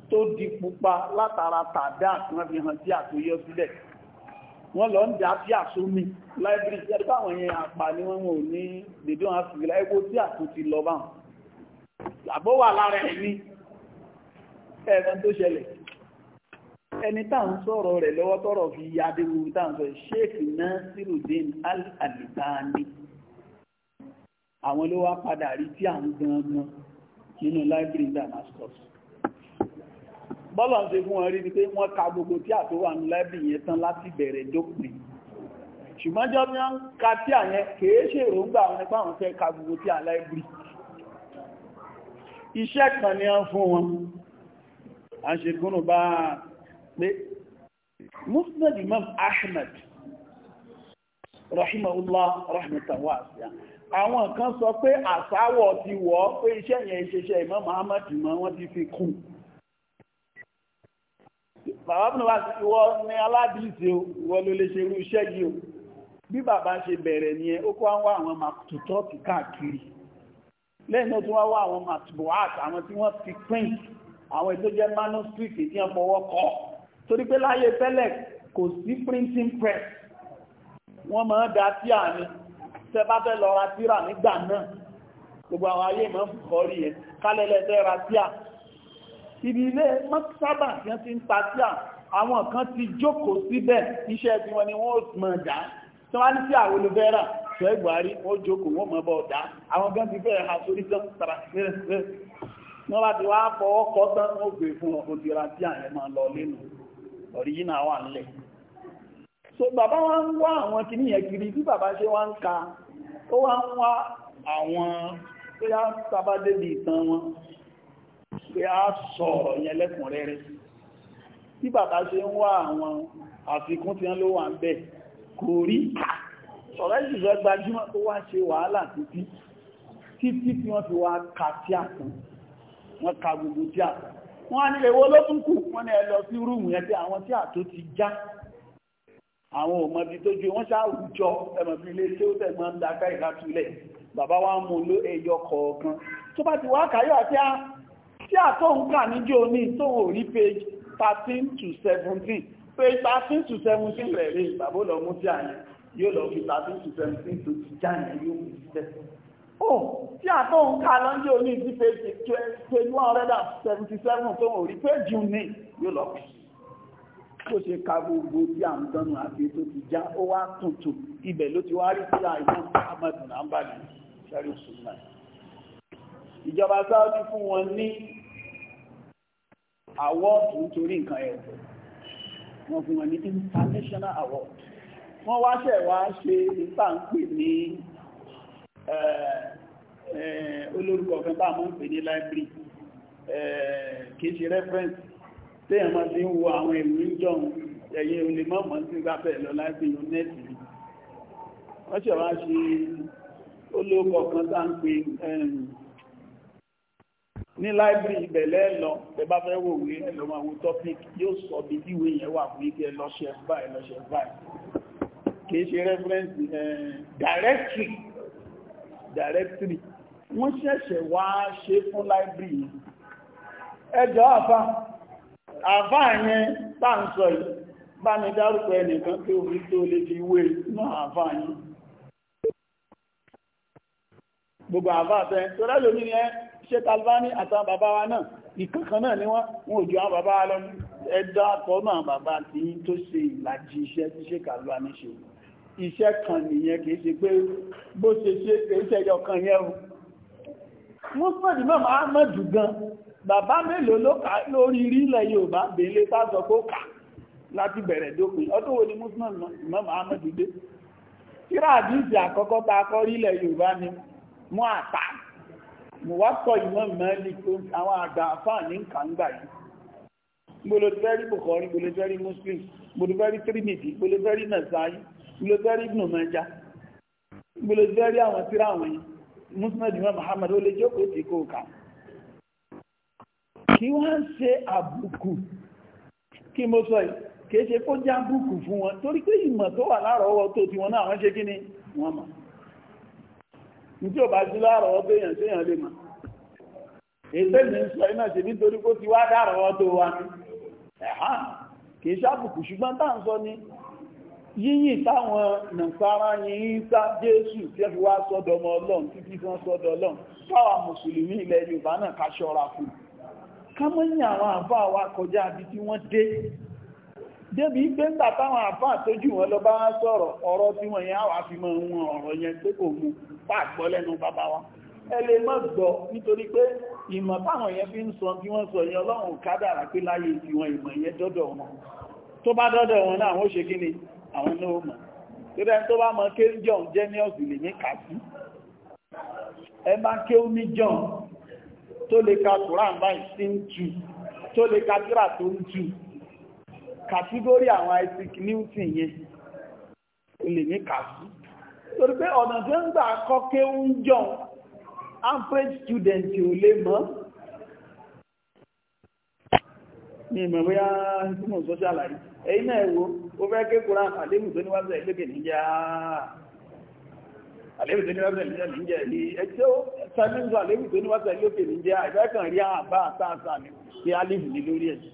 tó di pupa látara tàdá wọ́n fi hàn tí àtúyọ sílẹ̀ wọ́n lọ ń dá tí àsómi láìbírí jẹ́ báwọn yẹn àpà ní wọ́n ò ní dèdè wọn àfìgbìlá epo tí àtúntì lọ báwọn àbó wà lára ẹni ẹ̀fọn tó ṣẹlẹ̀ ẹni táà ń sọ̀rọ̀ rẹ̀ lọ́wọ́ tọ́rọ̀ fi ya adéwu táà ń sọ sheikh Nasiruddin Al-Albani àwọn ló wá padà rí tí à ń gangan nínú library Damascus bọ́lọ̀ ń ṣe fún wọn rí ni pé wọ́n ka gbogbo tí àtúwà ní library yẹn tán láti bẹ̀rẹ̀ dópin ṣùgbọ́n jọ́ bí wọ́n ka tí àyẹn kèé ṣèròǹgbà wọn nípa àwọn fẹ́ ka gbogbo tí à library iṣẹ́ kan ni a fún wọn a ṣe gúnnù bá pé musnad imam ahmed rahimahullah rahmatan wasi'a àwọn kan sọ pé àsáwọ̀ ti wọ́ pé iṣẹ́ yẹn iṣẹ́ṣẹ́ imam ahmed mọ́ wọ́n ti fi kún bàbá bí wá sí wọ́n ní aládìsí o wọ́n ló lè ṣe irú iṣẹ́ yìí o bí bàbá ṣe bẹ̀rẹ̀ nìyẹn ó kọ́ àwọn àwọn màtútọ́ ti káàkiri lẹ́nu tó wá wá àwọn matbuat àwọn tí wọ́n ti print àwọn ètò jẹ́ manuscript tí wọ́n fọwọ́ kọ torí pé láyé tẹ́lẹ̀ kò sí printing press wọ́n máa da tíà ni tẹ́ bá fẹ́ lọ ra tíra nígbà náà gbogbo àwọn ayé máa ń kọ́ rí yẹn kálẹ̀lẹ̀ fẹ́ ra tíà ibi ilé mọ́sábà tí wọ́n ti ń ta tíà àwọn kan ti jókòó síbẹ̀ iṣẹ́ tí ni wọ́n máa dá tí wọ́n á ní sí àwọn olùfẹ́ra sọ ẹgbàárí wọ́n jókòó wọ́n mọ̀ bọ̀ dá àwọn gan ti fẹ́ẹ̀ ha sórí tán tara fẹ́rẹ́fẹ́ wọ́n bá ti wá fọwọ́ kọ́ tán wọ́n gbé fún wọn tí àyẹ̀ máa lọ lẹ́nu ọ̀ríjìnà wà ńlẹ̀ so bàbá wa ń wá àwọn kìíní yẹn kiri bí bàbá ṣe wá ń ka ó wá ń wá àwọn tó yá sábà débi ìtàn wọn pé a sọ̀rọ̀ yẹn lẹ́kùnrẹ́rẹ́ bí bàbá ṣe ń wá àwọn àfikún tí wọ́n ló wà ń bẹ́ẹ̀ kò rí ọ̀rọ̀ ìṣẹ̀lẹ̀ gbajúmọ̀ tó wá ṣe wàhálà títí títí tí wọ́n fi wá ka tí àtàn wọ́n ka gbogbo tí àtàn wọ́n á ní èwo ló tún kù wọ́n ní ẹ lọ sí rúùmù yẹn pé àwọn tí àtó ti já àwọn ò mọbi tó ju wọ́n ṣáàwùjọ ẹmọ̀bí ilé tí ó tẹ̀gbọ́n ń dáká ìdátúlẹ̀ bàbá wa mú ló ẹyọ kọ̀ọ̀kan tó bá ti wá kàyọ́ àti à tí àtó ń kà níjó ní tóun ò rí page 13 to 17 pé thirteen to seventeen rẹ̀ rí ìgbàgbó lọ mú sí àyẹ̀ yóò lọ fi thirteen to seventeen tó ti já yẹn yóò fi sílẹ̀. ó tí àtọ́ ń ká lọ́njẹ́ oní ti pèsè twenty one hundred and seventy seven tó ń rí péjì ní yóò lọ fi tó ṣe ka gbogbo tí à ń dánu àti tó ti já ó wá tuntun ibẹ̀ ló ti wá rí sí àìsàn amadu nambali sẹ́rí ṣùgbọ́n ìjọba Saudi fún wọn ní àwọ́ọ̀tù nítorí nǹkan ẹ̀kọ́ wọ́n fún wọn ní international award wọ́n wá ṣẹ̀ wá ṣe nípa ń pè ní olórúkọ kan bá mọ́ ń pè ní library kìí ṣe reference téèyàn máa ti ń wo àwọn ìwé ń jọun ẹ̀yìn olè mọ́mọ́ sí gbáfẹ́ lọ library nẹ́ẹ̀tì wọ́n ṣẹ̀ wá ṣe olórúkọ kan tá ń pè ní láìbírí ìbẹ̀lẹ̀ lọ tẹbá fẹ́ wò wí ẹlọ máa wo topic yóò sọ bí díwé yẹn wà fún ike lọ́ṣẹ̀ báyìí lọ́ṣẹ̀ báyìí kìí ṣe reference directory directory wọ́n ṣẹ̀ṣẹ̀ wá ṣe fún láìbírí yìí ẹjọ́ àfá àfá yẹn bá ń sọ yìí bá mi dárúkọ ẹnìkan pé omi tó lè fi wé náà àfá yìí gbogbo àfá tẹ́ tó rẹ́ lómi yẹn Sheikh Albani àtàwọn bàbá wa náà ìkankan náà ni wọ́n wọn ò ju àwọn bàbá wa lọ ẹ̀dá àkọ́ náà bàbá tí tó ṣe ìlàjì iṣẹ́ tí Sheikh Albani ṣe iṣẹ́ kan nìyẹn kìí ṣe pé bó ṣe ṣe kìí ṣe kan yẹn o Muslim Imam Ahmad gan bàbá mélòó ló ni Muslim Imam Ahmad dé tíra àdíṣe ta akọ́rí ilẹ̀ ni mú àtàkì mùwátọ̀ ìmọ̀ Malik àwọn àgbà àfáà ní kàńgbà yìí gbólófẹ́rí Bukhari gbólófẹ́rí Muslim gbólófẹ́rí Trinity gbólófẹ́rí Nasa'i gbólófẹ́rí Ibn Majah gbólófẹ́rí àwọn tíra àwọn yìí Musnad Imam Muhammad ó lè jókòó tí kò kà kí wọ́n ṣe àbùkù kí mo sọ yìí kìí ṣe kó já bùkù fún wọn torí pé ìmọ̀ tó wà lárọ̀ọ́wọ́ tó ti wọn náà wọ́n ṣe kí ni wọ́n mọ̀ tí ò bá sí láàrọ̀ ọdún èèyàn sí èèyàn lè mọ̀ èsè mi ń sọ iná ṣe nítorí kó ti wá dárọ̀ ọdún wa ni ẹ̀hán kì í ṣàbùkù ṣùgbọ́n tá à ń sọ ni yíyìn táwọn nàìsára yìí sá jésù tí ẹ fi wá sọ́dọ̀ ọmọ ọlọ́run títí tí wọ́n sọ́dọ̀ ọlọ́run káwa mùsùlùmí ilẹ̀ yorùbá náà ká ṣọ́ra fún ká mọ́ yìn àwọn àbá wa kọjá àbí tí wọ́n dé débi pé ń tàtàwọn àfá àtójú wọn lọ bá wá sọ̀rọ̀ ọ̀rọ̀ tí wọ́n yẹn àwà fi mọ́ wọn ọ̀rọ̀ yẹn pé kò mú pàgbọ́ lẹ́nu bàbá wa ẹ lè mọ́ gbọ́ nítorí pé ìmọ̀ táwọn yẹn fi ń sọ bí wọ́n sọ yẹn ọlọ́run kádàrà pé láyé tí wọn ìmọ̀ yẹn dọ́dọ̀ wọn tó bá dọ́dọ̀ wọn náà wọ́n ṣe kí ni àwọn náà mọ̀ tó dẹ́ tó bá mọ ké john genius lè ní kà sí ẹ máa ké ó ní john tó lè ka kùrán báyìí sí ń tu tó lè ka kíra tó ń tu kàtígórí àwọn Isaac Newton yẹn lè ní kàtí torí pé ọ̀nà tí ó ń gbà kọ́kẹ́ ń jọun average student ò lè mọ̀ ní ìmọ̀ bóyá tí mò ń sọ ṣàlàyé èyí náà ẹ̀wọ́ ó fẹ́ ké kúrán àlébù tó níwájú ìlébè níjà àlébù tó níwájú ìlébè níjà ní ẹjọ́ sẹ́lẹ̀ńsọ àlébù tó níwájú ìlébè níjà ìfẹ́ kàn rí àbá àtàtà ní alìbù ní lórí ẹ̀sìn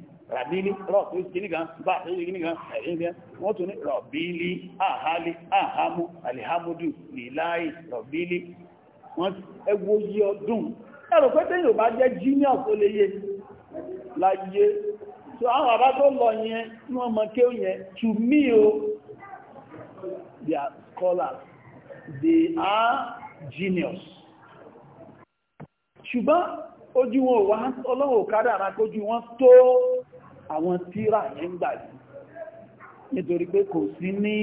ràbílí rọ̀pù kìnnìkan bá àtẹ́yẹ kìnnìkan ẹ̀yìnkẹ́ wọ́n tún ní rọ̀bílí àhálí àhámú alihamudu níláì rọ̀bílí wọ́n ẹwọ́ yí ọdún ẹ̀rọ pẹ́tẹ́ yóò bá jẹ́ genius ó lè yé láyé so àwọn àbá tó lọ yẹn ní wọ́n mọ kí ó yẹn to me they are scholars they are genius ṣùgbọ́n ojú wọn ò wá ọlọ́wọ́ kádàrá kójú wọn tó àwọn tíra yẹn gbà yìí nítorí pé kò sí ní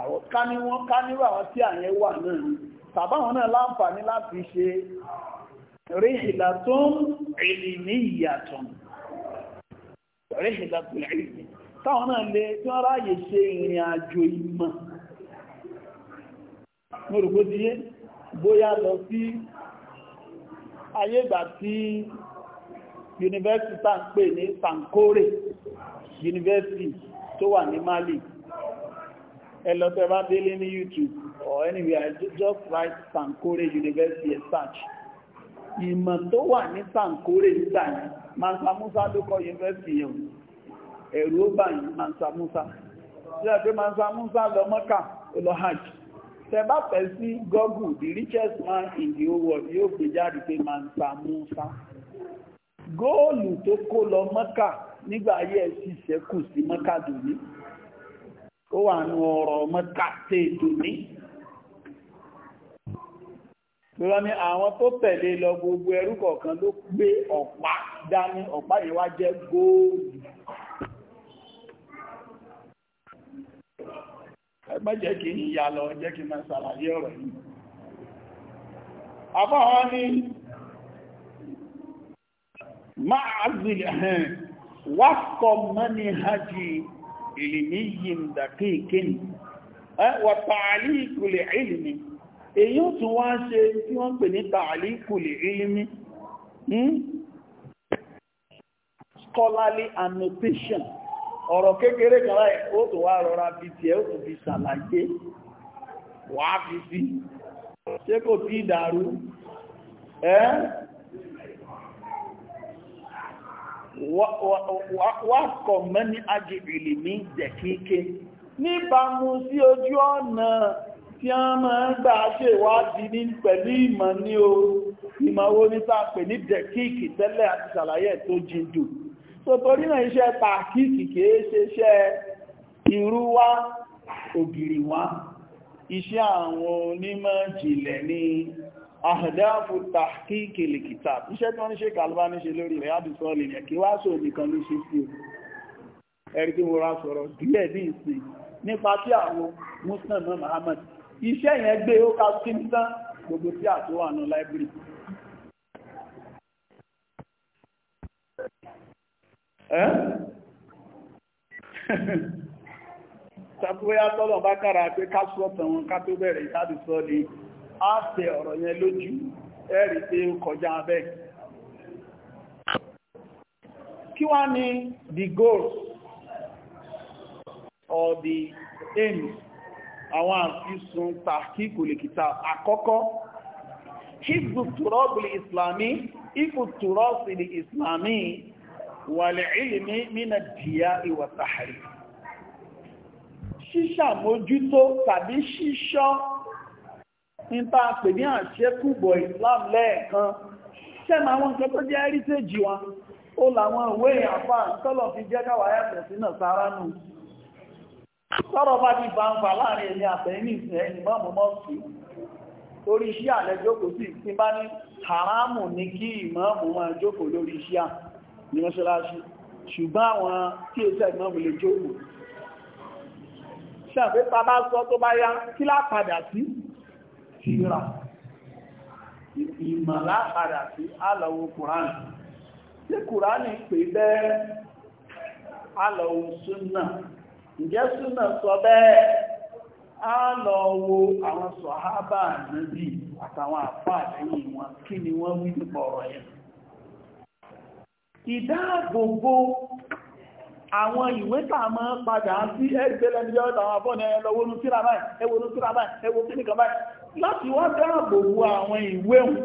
àwọn káníwọ́n káníwọ́ àwọn tí àyẹ́ wà náà ni tàbáwọn náà láǹfààní láti ṣe ríhìlá tó ń ìlìmí ìyàtọ̀ ríhìlá tó ìlìmí táwọn náà lè tí wọ́n ráyè ṣe ìrìn àjò ìmọ̀ mọ́rùgbódíyé bóyá lọ sí ayégbà tí yunifásitì tá ń pè ní Sankore yunifásitì tó wà ní Mali ẹ lọ tẹ́ bá délé ní YouTube or anywhere just write Sankore University and search ìmọ̀ tó wà ní Sankore nígbà yẹn Mansa Musa ló kọ́ yunifásitì yẹn ẹ̀rù ó bà yìí Mansa Musa sílẹ̀ pé Mansa Musa lọ Mọ́kà lọ hajj tẹ́ bá sí Google the richest man in the world yóò gbé jáde pé Mansa Musa góòlù tó kó lọ mọ́kà nígbà ayé ẹ̀ sì ṣẹ́kù sí mọ́kà dòní ó wà nù ọ̀rọ̀ mọ́kà tẹ̀ dòní lọ́la ní àwọn tó tẹ̀lé lọ gbogbo ẹrú kọ̀ọ̀kan ló gbé ọ̀pá dání ọ̀pá yẹn wá jẹ́ góòlù ẹgbẹ́ jẹ́ kí n yà lọ jẹ́ kí n máa ṣàlàyé ọ̀rọ̀ yìí àbáwọn ní ma'azil ẹ̀hẹ́n wákọ̀ mẹ́ni hajji ha ji ilimi èyí ó tún wá ṣe ilimi hmm? scholarly annotation ọ̀rọ̀ kékeré kan láì ó tún wá rọra bí ti ẹ́ ó tún fi ṣàlàyé wà á fi sí ṣé daru wákọ̀ mẹ́ni ajìbìlì ní jẹ̀kíkẹ́ níbàmú sí ojú ọ̀nà tí a máa ń gbà ṣe ìwádìí ní pẹ̀lú ìmọ̀ ní o ìmọ̀wó ní sáàpè ní jẹ̀kíkì tẹ́lẹ̀ àti ṣàlàyé tó jìndù so torí náà iṣẹ́ tàkíkì kìí ṣe iṣẹ́ irú wá ògìrì wá iṣẹ́ àwọn onímọ̀ jìnlẹ̀ ní àdáàfù tàkíkì lìkìtà iṣẹ́ tí wọ́n ń ṣe kàlùbá ní ṣe lórí rẹ̀ àdùsọ́ lè yẹ̀ kí wá sóò nìkan ló ṣe sí ẹ̀rí tí mo ra sọ̀rọ̀ díẹ̀ ní ìsìn nípa tí àwọn muslim náà Muhammad iṣẹ́ yẹn gbé ó ká sí ní tán gbogbo tí àtúwà nù láìbírì ṣàkóyá tọ́lọ̀ bá kára pé ká sọ́tàn wọn ká tó bẹ̀rẹ̀ ìsádùsọ́ ni á tẹ ọ̀rọ̀ yẹn lójú ẹ̀rí pé ó kọjá abẹ́ kí wá ní the goals or the aims àwọn àfisùn tàkíkù lè kìtà àkọ́kọ́ hizbu turọ́bìlì islami ifu turọ́sìlì islami wàlẹ̀ ilimi mina dìyà ìwà tàhàrí ṣíṣàmójútó tàbí ṣíṣọ́ nípa pè ní àṣẹ́kùbọ̀ Islam lẹ́ẹ̀kan ṣẹ́mà àwọn nǹkan tó jẹ́ heritage wa ó làwọn ìwé àpá tọ́lọ̀ fi jẹ́ káwà yàtọ̀ sí náà sára nù sọ́rọ̀ bá ti bá ń fà láàrin ẹni àtẹ̀yìn ìsìn ẹni mọ́mù mọ́sí lórí iṣẹ́ àlẹ́ jókòó sí ìsìn bá ní haramu ní kí ìmọ́mù wọn jókòó lórí iṣẹ́ ní mọ́ṣáláṣí ṣùgbọ́n àwọn sọ tó bá yá kí lápadà sí tíra ìmọ̀lá padà sí alọ́wọ́ kùránì tí kùránì pè bẹ́ẹ̀ alọ́wọ́ suna ǹjẹ́ suna sọ bẹ́ẹ̀ alọ́wọ́ àwọn sọ̀hábà nàbí àtàwọn àpá wọn kí ni wọ́n wí nípa ọ̀rọ̀ ìdáàbòbò àwọn ìwé tàà abụọ padà sí ẹgbẹ́lẹ́ni láti wá dáàbò bo àwọn ìwé òun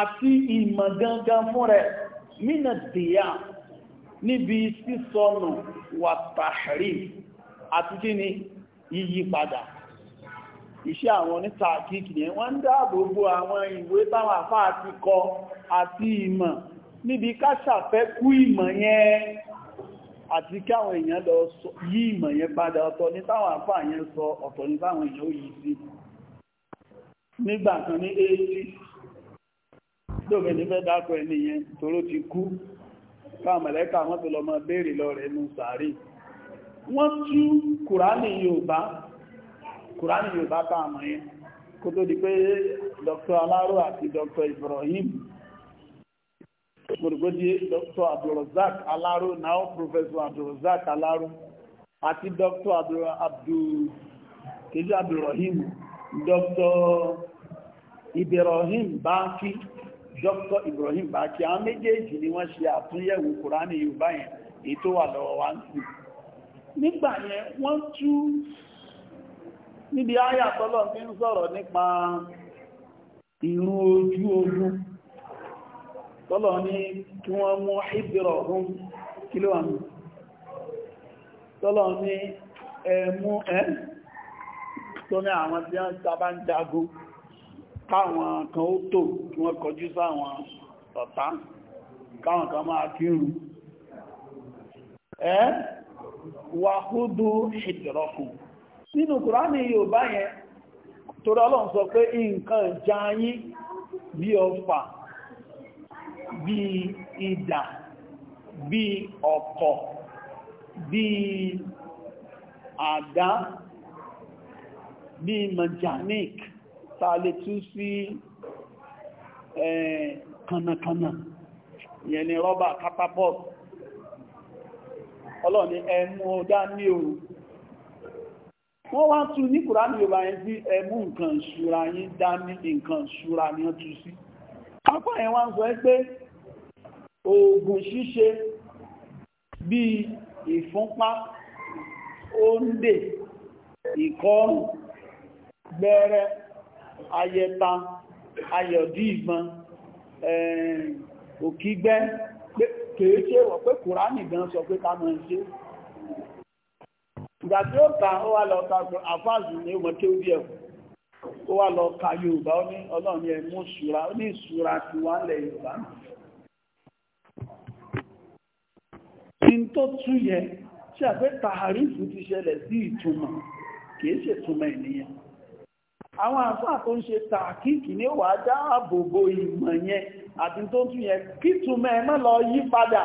àti ìmọ̀ gangan fún rẹ̀ mínà dìyà níbi sísọnù wà tàhírí àti kí ni yíyípadà iṣẹ́ àwọn oníta àkíkì ní wọ́n ń dáàbò bo àwọn ìwé táwọn àfáà ti kọ àti ìmọ̀ níbi ká ṣàfẹ́kú ìmọ̀ yẹn àti káwọn èèyàn lọ yí ìmọ̀ yẹn padà ọ̀tọ̀ ní táwọn àfà yẹn sọ ọ̀tọ̀ ní táwọn èèyàn ó yí sí nígbà kan ní 80 lóògbé ní fẹ́ dákọ̀ ẹni yẹn toró ti kú káwọn mẹ̀lẹ́kà wọ́n ti lọ mọ béèrè lọ rẹ̀ nù sàárì wọ́n tú kùránì Yorùbá kùránì Yorùbá táàmù yẹn kó tó di pé Dr. Aláró àti Dr. Ibrahim gbòdògbòdì dr abdulrozak alaro now professor abdulrozak alaro ati dr Abdul abdulkeji abdulrahim dr ibrahim baki dr ibrahim baki àwọn méjèèjì ni wọ́n ṣe àtúnyẹ̀wò kùránì yorùbá yẹn èyí tó wà lọ́wọ́ wá ń sìn nígbà yẹn wọ́n tú níbi ayàtọ́lọ́ ń sọ̀rọ̀ nípa ìrún ojú ogun tọ́lọ̀ ní kí wọ́n mú ìbìrọ̀ ọ̀hún kí ló wà ní tọ́lọ̀ ní ẹmú ẹ́ tó ní àwọn tí wọ́n sábà ń jagun káwọn kan ó tò kí wọ́n kọjú sáwọn ọ̀tá káwọn kan máa kírun ẹ́ wàhúdú ìdìrọ̀kùn nínú kùránì Yorùbá yẹn torí bí idà bí ọ̀kọ̀ bí àdá bí majanik tààlẹ̀ tú sí kànàkànà ìyẹn ni rọ́bà catapult ọlọ́ni ẹmú ọdá ní òru wọ́n wá tún ní kùránì yorùbá yẹn sí ẹmú nǹkan ṣúra yín dá ní nǹkan ṣúra ní ọtún sí apá yẹn sọ pé oògùn ṣíṣe bí ìfúnpá òǹdè ìkọrùn gbẹ́rẹ́ ayẹta ayọ̀dí ìgbọn òkígbẹ́ kèé ṣe wọ̀ pé kùránì gan sọ pé ká mọ̀ ṣe ìgbà tí ó ta ó wá lọ ka àfáàzù ní ọmọ tí ó bí ẹ̀kù ó wá lọ ka Yorùbá ó ní ọlọ́run ẹ̀ mú ìṣúra ó ní ìṣúra ti wá lẹ̀ Yorùbá náà in tó tú yẹ tí a fẹ́ tààrífù ti ṣẹlẹ̀ sí ìtumọ̀ kìí ṣe túnmọ̀ ènìyàn àwọn àfáà tó ń ṣe tààkìkì ní wà dáàbòbò ìmọ̀ yẹn àti tó tún yẹ kí túnmọ̀ ẹ̀mọ́ lọ yí padà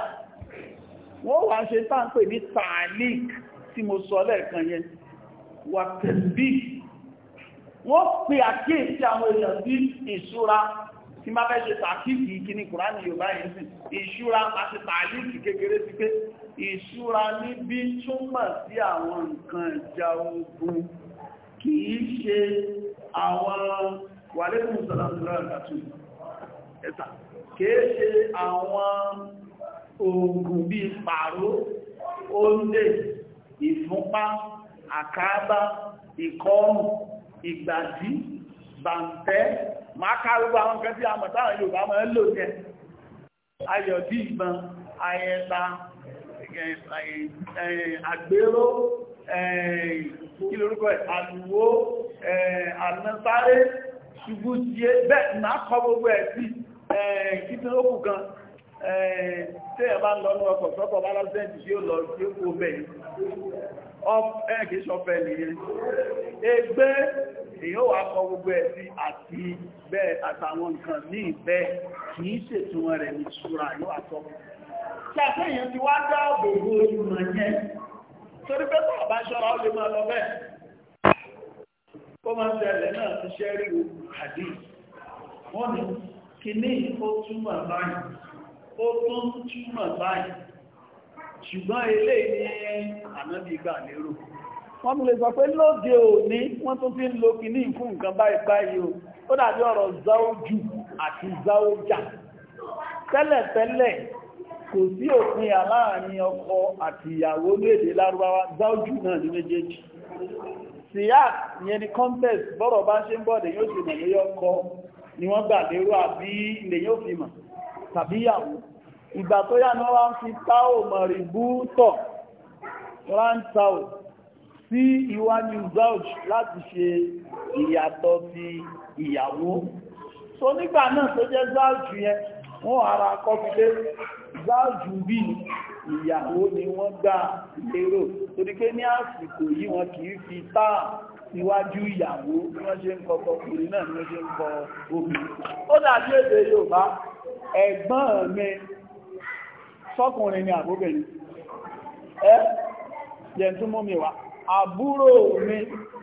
wọ́n wà ṣe táǹpẹ̀ ní tààlík tí mo sọ lẹ́ẹ̀kan yẹn wà tẹ̀lí wọ́n pe àkíyèsí àwọn èèyàn sí ìṣúra tí máa fẹ́ ṣe tàkìkì ìkíní kùránì yorùbá yìí sí ìṣúra àti tàlíkì kékeré sí pé ìṣúra níbi túmọ̀ sí àwọn nǹkan ìjà ogun kì í ṣe àwọn wàlẹ́kùn sọ̀rọ̀sọ̀rọ̀ àtàtù ẹ̀sà kì máa ká gbogbo àwọn nǹkan tí a mọ̀ táwọn Yorùbá máa ń lò jẹ ayọ̀dí ìbọn ayẹta àgbéró kí lórúkọ àlùwó ànásáré ṣubú tí é bẹ́ẹ̀ máa kọ gbogbo ẹ̀ sí títí ó kù kan tí ẹ̀ bá ń lọ ní ọkọ̀ sọ́kọ̀ bá lọ́sẹ̀ tí ó lọ sí ó kó bẹ́ẹ̀ ẹ̀kì eh, ṣọ́fẹ́ nìyẹn ẹgbẹ́ èyí wà kọ gbogbo ẹ̀ àti bẹ́ẹ̀ àtàwọn nǹkan ní ìbẹ́ kìí ṣètùmọ̀ rẹ̀ ní ṣúra yóò àtọ́ ṣàfihàn ti wá dá ògbògbò ìmọ̀ yẹn torí pé kọ́ bá ṣọ́ra ó lè máa lọ bẹ́ẹ̀ ó máa tẹ̀lẹ̀ náà ti ṣẹ́ rí àdí wọ́n ní kìíní ó túmọ̀ báyìí ó tún túmọ̀ báyìí ṣùgbọ́n ilé ní ànábì gbà lérò wọ́n mú lè sọ pé lóde òní wọ́n tún fi ń lo kìíní fún nǹkan báyìí báyìí o ó dàbí ọ̀rọ̀ záójù àti záójà tẹ́lẹ̀tẹ́lẹ̀ kò sí òpin àláàrin ọkọ àti ìyàwó ní lárúbáwá záójù náà ní méjèèjì siyak yẹn ni contest bọ́rọ̀ bá ṣe ń bọ́ọ̀dẹ̀ ni wọ́n gbà lérò àbí ilẹ̀ ìgbà tó yà náà wọ́n fi táò mọ̀rì búútọ̀ rántàò sí ìwájú zouch láti ṣe ìyàtọ̀ ti ìyàwó so nígbà náà tó jẹ́ zouch yẹn wọ́n ara kọfilé zouch bí ìyàwó ni wọ́n gbà lérò torí pé ní àsìkò yìí wọn kì í fi táà síwájú ìyàwó bí wọ́n ṣe ń kọ ọkùnrin náà ni wọ́n ṣe ń kọ obìnrin ó dàbí èdè Yorùbá ẹ̀gbọ́n mi sọ́kùnrin ni àbúbẹ̀rin ẹ́ jẹ́ tún mú mi wá àbúrò mi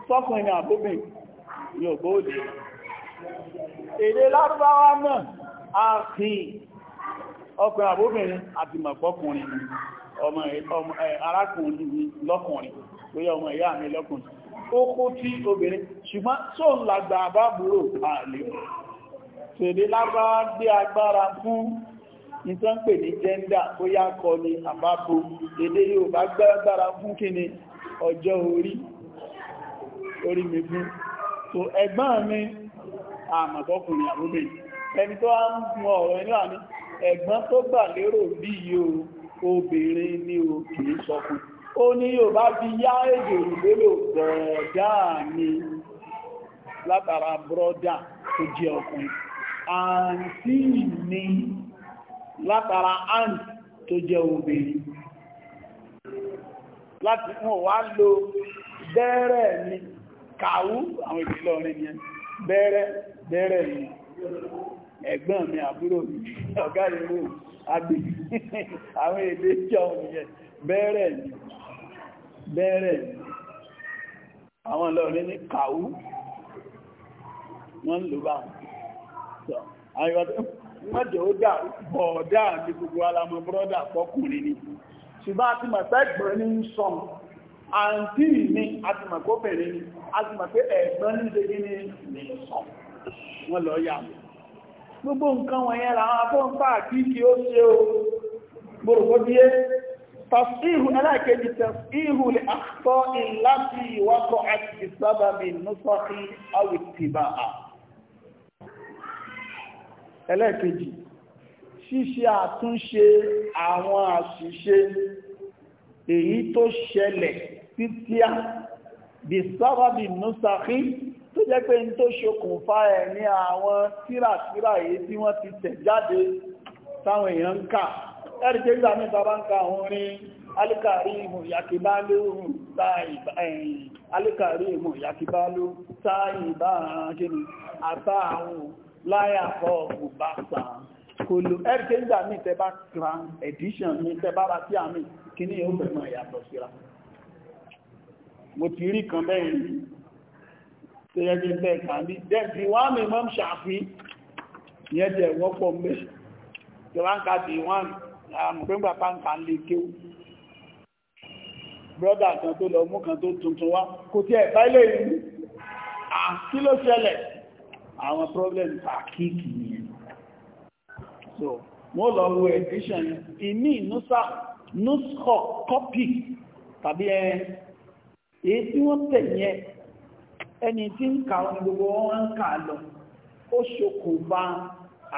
sọ́kùnrin ni àbúbẹ̀rin ní ògbóòdì èdè lárúbáwá náà a fi ọkùnrin àbúbẹ̀rin àti mọ̀pọ̀kùnrin arákùnrin lọ́kùnrin lóyẹ ọmọ ìyá mi lọ́kùnrin ó kó tí obìnrin ṣùgbọ́n tó ń lágbà àbábúrò àlè tèdè lágbà gbé agbára fún nǹkan pè ní jẹ́ndà bóyá kọ ni àbábo èdè yóò bá gbáragbára fún kí ni ọjọ́ orí orí mi fún so ẹ̀gbọ́n mi àmọ̀tọ́kùnrin àmúbẹ̀ ẹni tó ń mọ ọ̀rọ̀ inú àní ẹ̀gbọ́n tó gbà lérò bí i o obìnrin ni o kìí sọkùn ó ní yóò bá fi yá èdè òrùlélò bọ̀ọ̀dá ni látara brọ́dà tó jẹ́ ọkùnrin àǹtí ni látara ant tó jẹ́ obìnrin láti wọ́n wá lo bẹ́ẹ̀rẹ̀ ni kàwú àwọn ìpìlẹ̀ orin ni bẹ́ẹ̀rẹ̀ bẹ́ẹ̀rẹ̀ ni ẹ̀gbọ́n mi àbúrò mi ọ̀gá ìlú agbè àwọn èdè jọ òmìnir ni bẹ́ẹ̀rẹ̀ ni àwọn ìlọrin ni kàwú wọ́n lò bá àwọn ìwàtí mọ́jọ̀ ó dà bọ̀ọ̀dá ní gbogbo alamọ̀ brọ́dà fọ́kùnrin ni ṣùgbọ́n a ti mọ̀ pé ẹ̀gbọ́n ní ń sọm àǹtí ní a ti mọ̀ pé bẹ̀rẹ̀ ni a ti mọ̀ pé ẹ̀gbọ́n ní ṣe gíní ní sọm wọ́n lọ yà mọ̀ gbogbo nǹkan wọ̀nyẹn làwọn afọ́nfà kí kí ó ṣe o gbogbo díẹ̀ tafsihu alákejì tafsihu lè àkọ́ ìlàtí ìwákọ̀ àti ìsábàbí nùsọ́kì awìtìbà àà ẹlẹ́ẹ̀kejì ṣíṣe àtúnṣe àwọn àṣìṣe èyí tó ṣẹlẹ̀ títíá bí sábàbí nùsàkí tó jẹ́ pé ní tó ṣokùnfà ẹ̀ ní àwọn tíràtírà èyí tí wọ́n ti tẹ̀ jáde táwọn èèyàn ń kà ẹ̀rí pé gbà mẹ́ta bá ń ka àwọn orin alikari imu yakiba lóhun táì eh, alikari imu yakiba lóhun táì bá àárín àtà àwọn láyà kọ́ ọ̀gbù bá sà kò lò ẹ̀rìkẹ́ ìgbà mi tẹ́ kran edition mi tẹ́ bá ra sí àmì kí ní yóò fẹ́mọ̀ ìyàtọ̀ síra mo ti rí kan bẹ́ẹ̀ rí tó yẹ kí n bẹ́ẹ̀ kà ní dẹ́ẹ̀tì wọ́n mi mọ́ ṣàfi ìyẹn jẹ́ wọ́pọ̀ mẹ́ tí wọ́n ká di wọ́n àmùgbẹ́gbà pàǹkà lè kéwú brọ́dà kan tó lọ mú kan tó tuntun wá kò tí ẹ̀ báyìí lè rí àwọn problem tàkíkì yẹn so wọ́n lọ wo edition ìní nusa nuskọ copy tàbí ẹ èyí tí wọ́n tẹ̀ yẹn ẹni tí ń kà wọn gbogbo wọn ń kà lọ ó ṣokùnfà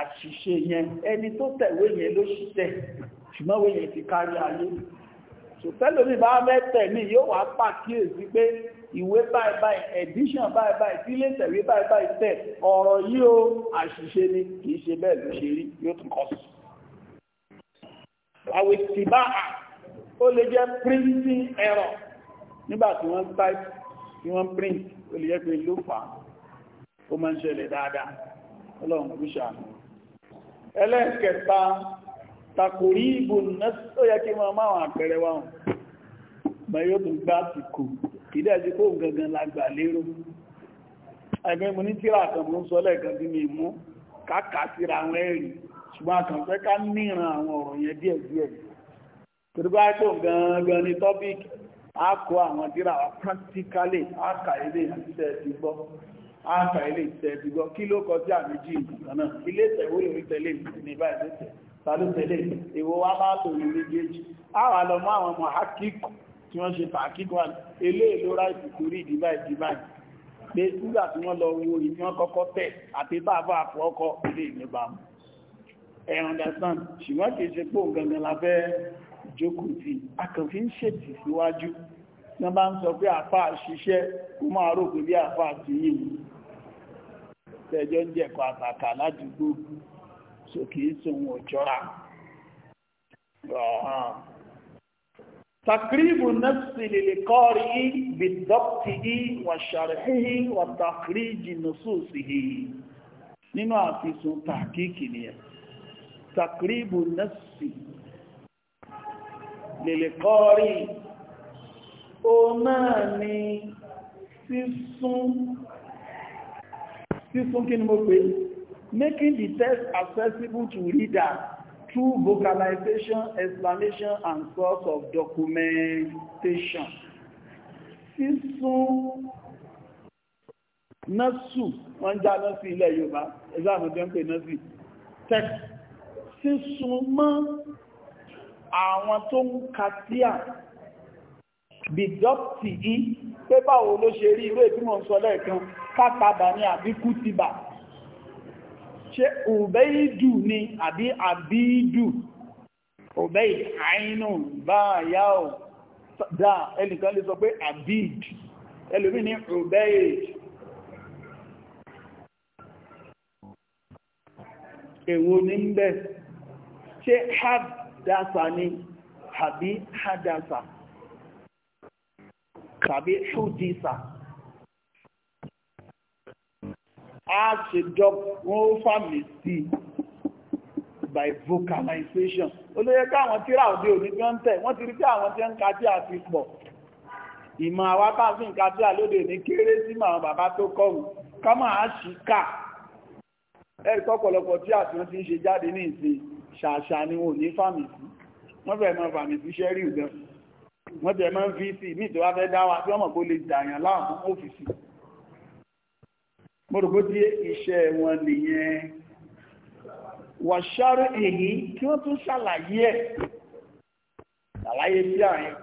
àṣìṣe yẹn ẹni tó tẹ̀wé yẹn ló ṣiṣẹ́ ṣùgbọ́n wé yẹn ti kárí ayé so tẹ́lómi bá mẹ́tẹ̀ ní yóò wá pàkíyèsí pé ìwé báyìí báyìí edition báyìí báyìí tí ilé tẹ̀wé báyìí báyìí tẹ̀ ọ̀rọ̀ yìí o àṣìṣe ni kì í ṣe bẹ́ẹ̀ ló ṣe rí yóò tún kọ́ sí. àwẹ̀ tì bá a ó lè jẹ́ printing error nígbà tí wọ́n type tí wọ́n print ó lè jẹ́ pé ló fà á ó máa ń ṣẹlẹ̀ dáadáa ọlọ́run kú ṣàánú. ẹlẹ́ẹ̀kẹta takòrí ìbò ó yẹ kí wọ́n máa àpẹẹrẹ wa hàn mọ̀ yóò tún gbá kìdẹ́ sí kó gangan lágbà lérò ẹgbẹ́ mo ní tíra kan mú sọ lẹ́ẹ̀kan bí mi mú káàkà síra àwọn ẹ̀rì ṣùgbọ́n àkànfẹ́ ká níran àwọn ọ̀rọ̀ yẹn díẹ̀ díẹ̀ torí gangan topic a kó àwọn tíra wa practically a ìṣẹ́ ti gbọ́ tí wọ́n ṣe tàkíkọ́ ilé èlò ráìtì torí ìdíbà ìdíbà pé nígbà tí wọ́n lọ wo ìní wọ́n kọ́kọ́ tẹ̀ àti bàbá àpò ọkọ̀ ilé ìjọba mu ẹ understand ṣùgbọ́n kìí ṣe pé òun gangan la fẹ́ jókòó tí a kàn fi ń ṣètì síwájú wọ́n bá ń sọ pé àfà ṣiṣẹ́ kó máa rò pé bí àfà ti yìí tẹjọ́ ń jẹ̀kọ́ àtàkà ládùúgbò sókè sóhun ọ̀jọ́ra تقريب النفس للقارئ بالضبطه وشرحه وتخريج نصوصه nínú àfisùn tàkíkì ni ẹ̀ taqribu nafsi lèlèkọ́rí o náà ni sísún making the text accessible to readers through vocalization, explanation, and source of documentation. Sísún nọ́sù, wọ́n já nọ́sù ilẹ̀ Yorùbá, ẹgbàmù jẹ́ ń pè nọ́sù, text. Sísún mọ́ àwọn tó ń kàtíà, bìdọ́pì í, pé báwo ló ṣe rí irú ètí mọ̀ ń sọ lẹ́ẹ̀kan, kápàbà ní àbíkú ti bà ṣe òbẹ́ìdù ni àbí àbídù òbẹ́ìd àínú bá yá ò dá ẹnìkan lè sọ pé àbíd ẹlòmí ní òbẹ́ìd èwo ní ń bẹ ṣe hádásà ni àbí hádásà tàbí ṣúdísà a ṣe jọ wọ́n ó fàmì sí by vocalization olóyẹ káwọn tíra òde òní tí wọ́n tẹ̀ wọ́n ti rí pé àwọn tí ń ka tí a ti pọ̀ ìmọ̀ àwa bá fi nǹkan tí a lóde ní kéré sí màá bàbá tó kọ̀wé ká máa ṣì kà ẹ̀rí kọ́pọ̀lọpọ̀ tí àti ti ń ṣe jáde ní ìsìn ṣàṣà ni wọn ò ní fàmì sí wọ́n fẹ́ mọ fàmì sí ṣẹ́rí ìgbẹ́ wọ́n tẹ̀ mọ́ fi sí ìmí tó wá fẹ́ dá wa tí wọ́n mọ̀ kó lè dàyàn láàmú ọ́fíìsì mọ́rùgbó tí iṣẹ́ wọn nìyẹn wà ṣáré èyí kí wọ́n tún ṣàlàyé ẹ̀ ṣàlàyé sí àárín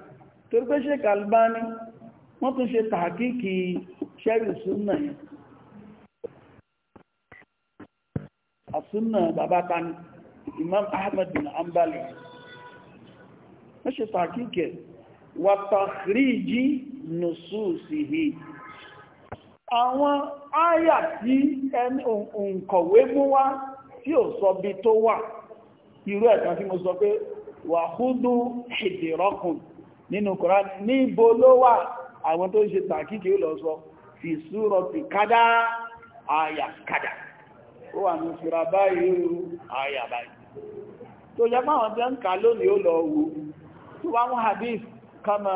torí pé ṣe Albani wọ́n tún ṣe tàkíkì ṣẹ́rì súnà yẹn àsúnà bàbá tani Imam Ahmad bin Ambali wọ́n ṣe tàkíkì wà tàkíríjì nùsùsì yìí àwọn áyà tí òǹkọ̀wé mú wá tí ò sọ bí tó wà irú ẹ̀kan tí mo sọ pé wàhúdú ìdìrọ́kùn nínú Kùránì níbo ló wà àwọn tó ń ṣe tàkíkì ó lọ sọ fi súrọ̀ ti kádá àyà kádà ó wà ní ìṣúra báyìí àyà báyìí kama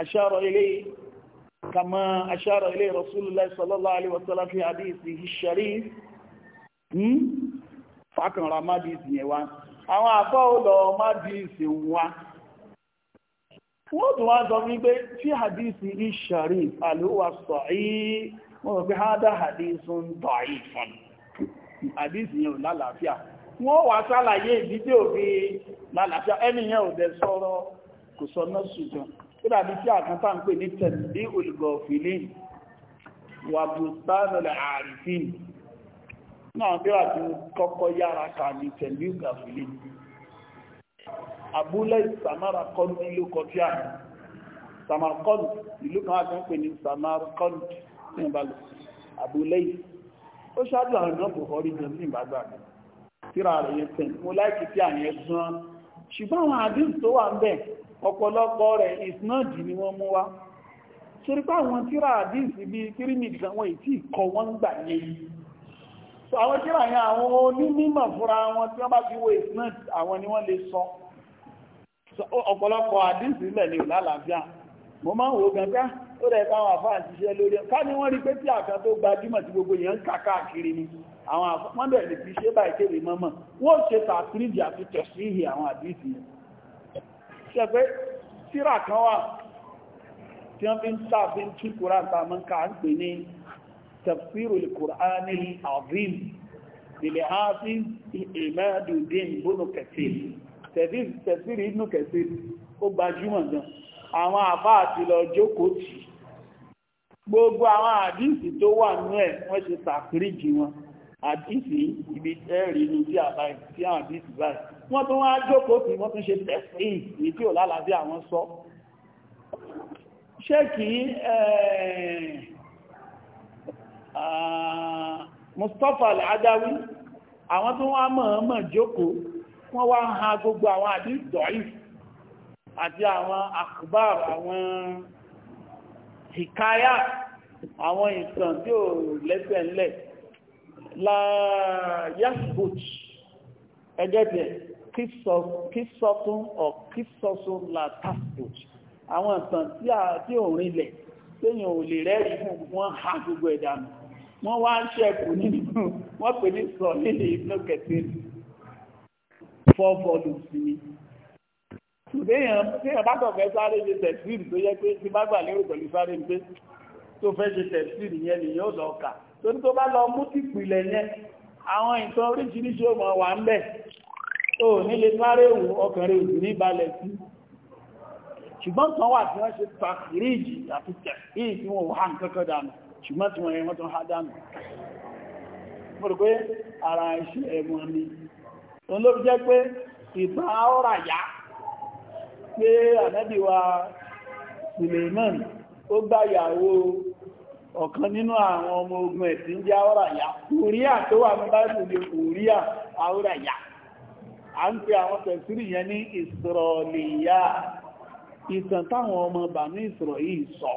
aṣọ́rọ̀ كما أشار إليه رسول الله صلى الله عليه وسلم في حديثه الشريف فأكن ما ديسي يوان àwọn àbá olọ má dìísì wá wọ́n tún wá sọ wípé tí hadisi ìṣàrí àlúwà sọ̀í wọ́n wọ́n pé hádá hadisun tọ̀í fún hadisi yẹn ò lálàáfíà wọ́n wá sálàyé ìdíjẹ́ òfin lálàáfíà ẹniyàn ò dẹ̀ sọ̀rọ̀ kò sọ náà ṣùgbọ́n ó dàbí sí àkántà ń pè ní tẹ̀lé olùgọ̀ọ̀fìlì wà bùsánàlẹ̀ àrífìn náà bí àti kọ́kọ́ yára kà ní tẹ̀lé olùgọ̀ọ̀fìlì abúlé samarakọ́nù ìlú kọfíà samarkọ́nù ìlú kan àti ń pè ní samarkọ́nù ní ìbálò abúlé ó ṣáájú àwọn náà bùhọ́rí jẹ ní ìbágbàgbà tí àyẹ̀ gan ṣùgbọ́n àwọn ọ̀pọ̀lọpọ̀ rẹ̀ ìsinájì ni wọ́n mú wá torí pé àwọn tíra àdíìsì bíi kírímìdì àwọn ìtì ìkọ̀ wọ́n gbà yẹ so àwọn tíra yẹn àwọn onímọ̀ fúnra wọn tí wọ́n bá fi wo ìsinájì àwọn ni wọ́n lè sọ ọ̀pọ̀lọpọ̀ àdíìsì lẹ̀ lè lálàáfíà mo máa ń wo gangan ó rẹ̀ ah, káwọn àfáà ṣiṣẹ́ lórí ká ní wọ́n rí pé tí àkà tó gbajúmọ̀ tí gbogbo èèyàn kàkàkiri ni àwọn àfọ́mọ́bẹ̀rẹ̀ fi ṣe báyìí kéde mọ́mọ́ wọ́n ṣe tààtìrìdì àti tẹ̀síhì àwọn àdíìsì yẹn ṣe pé tíra kan wà tí wọ́n fi ń tàbí tún kúrò àtàmọ́ ká ń pè ní tafsirul Qur'anil Azim ilẹ̀ hafiz Imaduddin Ibn Kathir tafsir Ibn Kathir ó gbajúmọ̀ gan àwọn àbá àti lọ jókòó tì gbogbo àwọn àdíìsì tó wà nú ẹ̀ wọ́n ṣe tàkìríjì wọn àdíìsì ibi ẹ̀rí inú tí àbáyìí tí àwọn báyìí wọ́n tún wá jókòó tí wọ́n tún ṣe tẹ̀sí èyí tí ò lálàáfí àwọn sọ ṣé kí eh, ah, Mustapha al-Adawi àwọn tún wá mọ̀ọ́mọ̀ jókòó wọ́n wá ń ha gbogbo àwọn àdídọ̀í àti àwọn akbar àwọn hikaya àwọn ìtàn tí ò la ńlẹ̀ láyásbòtì ẹgẹ́bẹ̀ẹ́ kíṣọ́tún ọ̀ kíṣọ́tún la tasbut àwọn ìtàn tí a tí ò rinlẹ̀ téèyàn ò lè rẹ́rì fún wọn ha gbogbo ẹ̀dà nù wọ́n wá ń ṣẹ́kù nínú wọ́n pè ní sọ nílé ìlú kẹtì fọ́ bọ́ọ̀lù sí ni téèyàn bá kàn fẹ́ sáré ṣe tẹ̀síìr tó yẹ pé tí bá gbà lérò pẹ̀lú sáré pé tó fẹ́ ṣe tẹ̀síìr yẹn nìyẹn ò lọ kà torí tó bá lọ mú tìpìlẹ̀ yẹn àwọn ìtàn oríṣiríṣi ò mọ̀ wà ń bẹ̀ o nílé sáré wù ọkànrẹ̀ òjò ní balẹ̀ sí ṣùgbọ́n kan wà tí wọ́n ṣe pàkìríjì àti tẹ̀sí tí wà nǹkankan dànù ṣùgbọ́n tí wọ́n yẹ wọ́n ara pe ọ̀kan nínú àwọn ọmọ ogun ẹ̀sìn jẹ́ ọ̀rà yá tó wà ní a ń awọn àwọn tẹ̀sírì yẹn ní ìsìrọ̀lìyà ìtàn táwọn ọmọ bànú ìsìrọ̀ yìí sọ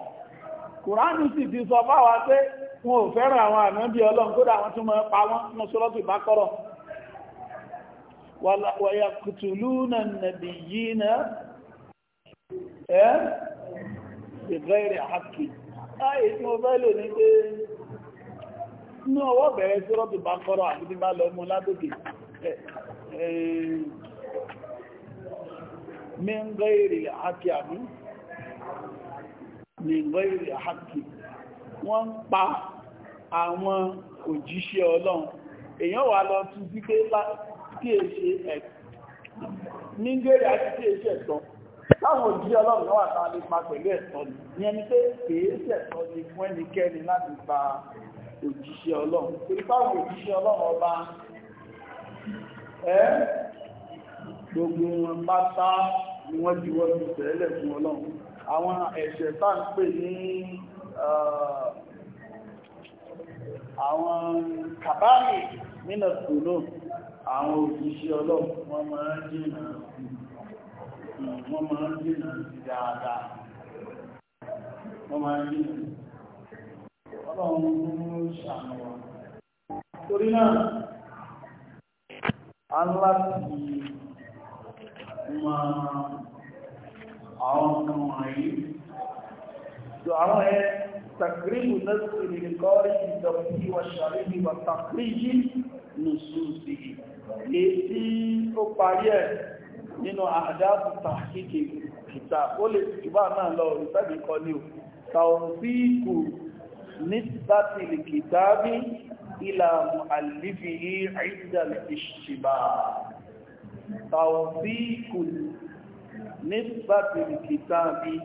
kùránù sì ti sọ fáwa pé wọn ò fẹ́ràn àwọn ànábì ọlọ́run kódà wọn tún máa pa wọn ní sọ́lọ́tù na wàyàkùtùlúnà nàbì na ẹ́ ìgbẹ́rẹ̀ àkì láyé tí mo fẹ́ lọ mú Eh, min ghairi al-haqq àbí min ghairi al-haqq wọ́n ń pa àwọn òjíṣẹ́ ọlọ́run èèyàn wà lọ tún sí pé kí è ṣe ẹ̀kọ́ ní gẹ́rì àti kí è ṣe ẹ̀tọ́ táwọn òjíṣẹ́ ọlọ́run náà wà tán lè pa pẹ̀lú ẹ̀tọ́ ni ìyẹn ni pé kèé ṣẹ̀tọ́ ni fún ẹnikẹ́ni láti pa òjíṣẹ́ ọlọ́run ẹ́ gbogbo wọn pátá ni wọ́n ti wọ́n ti tẹ̀lẹ̀ fún ọlọ́run àwọn ẹ̀ṣẹ̀ tá ń pè ní àwọn kàbáyé nínú kòló àwọn òṣìṣẹ́ ọlọ́run wọ́n máa ń jìnà dáadáa wọ́n máa ń jìnà ọlọ́run ló ń ṣàmùwà torí náà aláti ma àwọn ọmọ wọ̀nyí tó àwọn ẹ takribu nẹ́sì nìkọ́rí ìdọ̀kí wa ṣàríbi wa takribi nùsùsì èsì ó parí ẹ̀ nínú àdáàbù tàkíkì kìtà ó lè jùbá náà lọ ìtàbí kọ ní ò tàwọn sí ní sátìlì kìtàbí إلى مؤلفه عند الاشتباه توثيق نسبة الكتاب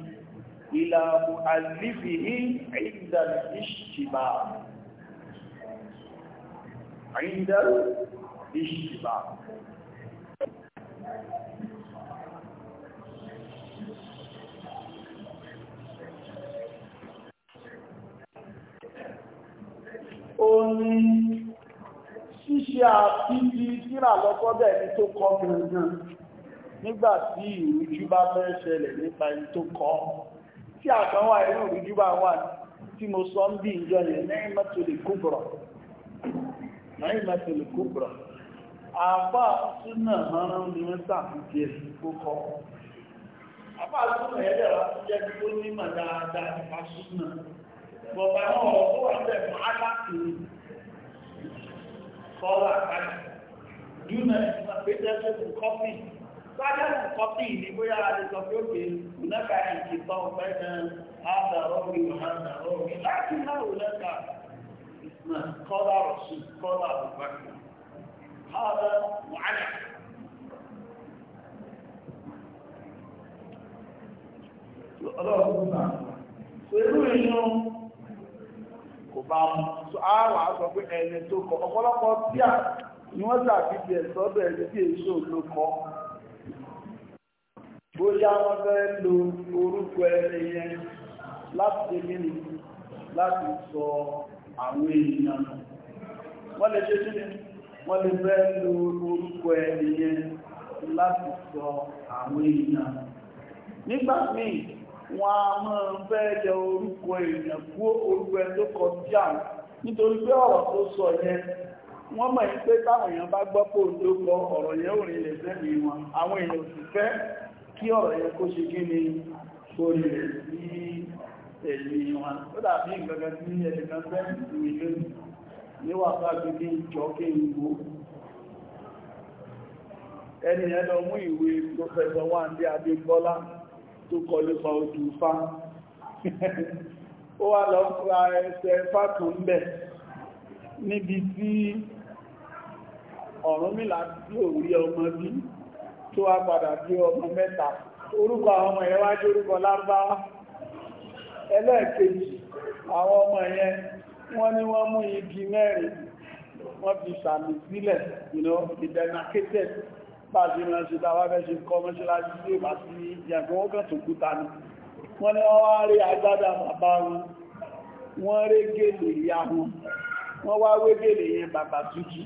إلى مؤلفه عند الاشتباه عند الاشتباه oní ṣíṣe àfíbi síra lọ́kọ́dẹ̀ ní tó kọ́ gangan nígbà tí ìrújú bá fẹ́ ṣẹlẹ̀ nípa ẹni tó kọ́ tí àkan wà inú ìrújú bá wà tí mo sọ ń bí ìjọ yẹn lẹ́yìn mẹ́tòlì kúbọ̀rọ̀ lẹ́yìn mẹ́tòlì kúbọ̀rọ̀ àbá súnà ọ̀rán ni wọ́n sàfíjì ẹ̀sì tó kọ́ àbá súnà bọ̀bà náà ó wà bẹ̀ fún aláàtì kọ́lá kan dúnà ìgbà pétẹ́sẹ̀ fún kọ́pì sáájá fún kọ́pì ní bóyá adé sọ pé òkè ìnáka ìkìtọ́ ọ̀pẹ́ náà àdàrọ́ mi àdàrọ́ mi láti náà ò lẹ́ka ìsìnà kọ́lá rọ̀ṣù kọ́lá àbùbákà هذا معلق ọlọ́run náà pẹ̀lú ìyàn kò bá mú so a wà sọ pé ẹni tó kọ ọ̀pọ̀lọpọ̀ tí à ni wọ́n tàbí ti ẹ̀sọ́dọ̀ ẹni tí èso ló kọ bóyá fẹ́ lo orúkọ ẹni láti ṣe láti sọ àwọn èèyàn náà lè ṣe kí lè lo orúkọ ẹni yẹn láti sọ àwọn èèyàn nígbà míì wọn a máa ń fẹ́ yọ orúkọ èèyàn kú orúkọ ẹ tó kọjá nítorí pé ọ̀rọ̀ tó sọ yẹn wọ́n mọ̀ pé táwọn èèyàn bá gbọ́ pò tó kọ ọ̀rọ̀ yẹn ò rìnlẹ̀ sẹ́mi wọn àwọn èèyàn ò sì fẹ́ kí ọ̀rọ̀ yẹn kó ṣe kí ni kó lè sí ẹ̀mí wọn ó dàbí nǹkan tí ẹnìkan fẹ́ ìwé níwà bá gbígbé ìjọ kí n wo ẹni yẹn lọ mú ìwé Professor Wándé Adégbọ́lá tó kọ nípa odù fá ó wà lọ fúra bẹ̀ níbi tí Ọ̀rúnmìlà tí ò rí ọmọ bí tó wá padà bí ọmọ mẹ́ta orúkọ àwọn ọmọ wá jẹ́ orúkọ ẹlẹ́ẹ̀kejì àwọn ọmọ wọ́n wọ́n mú pàtí ìrìnà sí dáwà fẹ́ ṣe kọ́ mọ́ṣáláṣí sí ìbá sí ìyàgbọ́n wọ́n kàn tó kúta ní wọ́n ní wọ́n wá rí agbádá bàbá wọn wọ́n rí gèlè ìyá wọn wọ́n wá wé gèlè yẹn bàbá tútù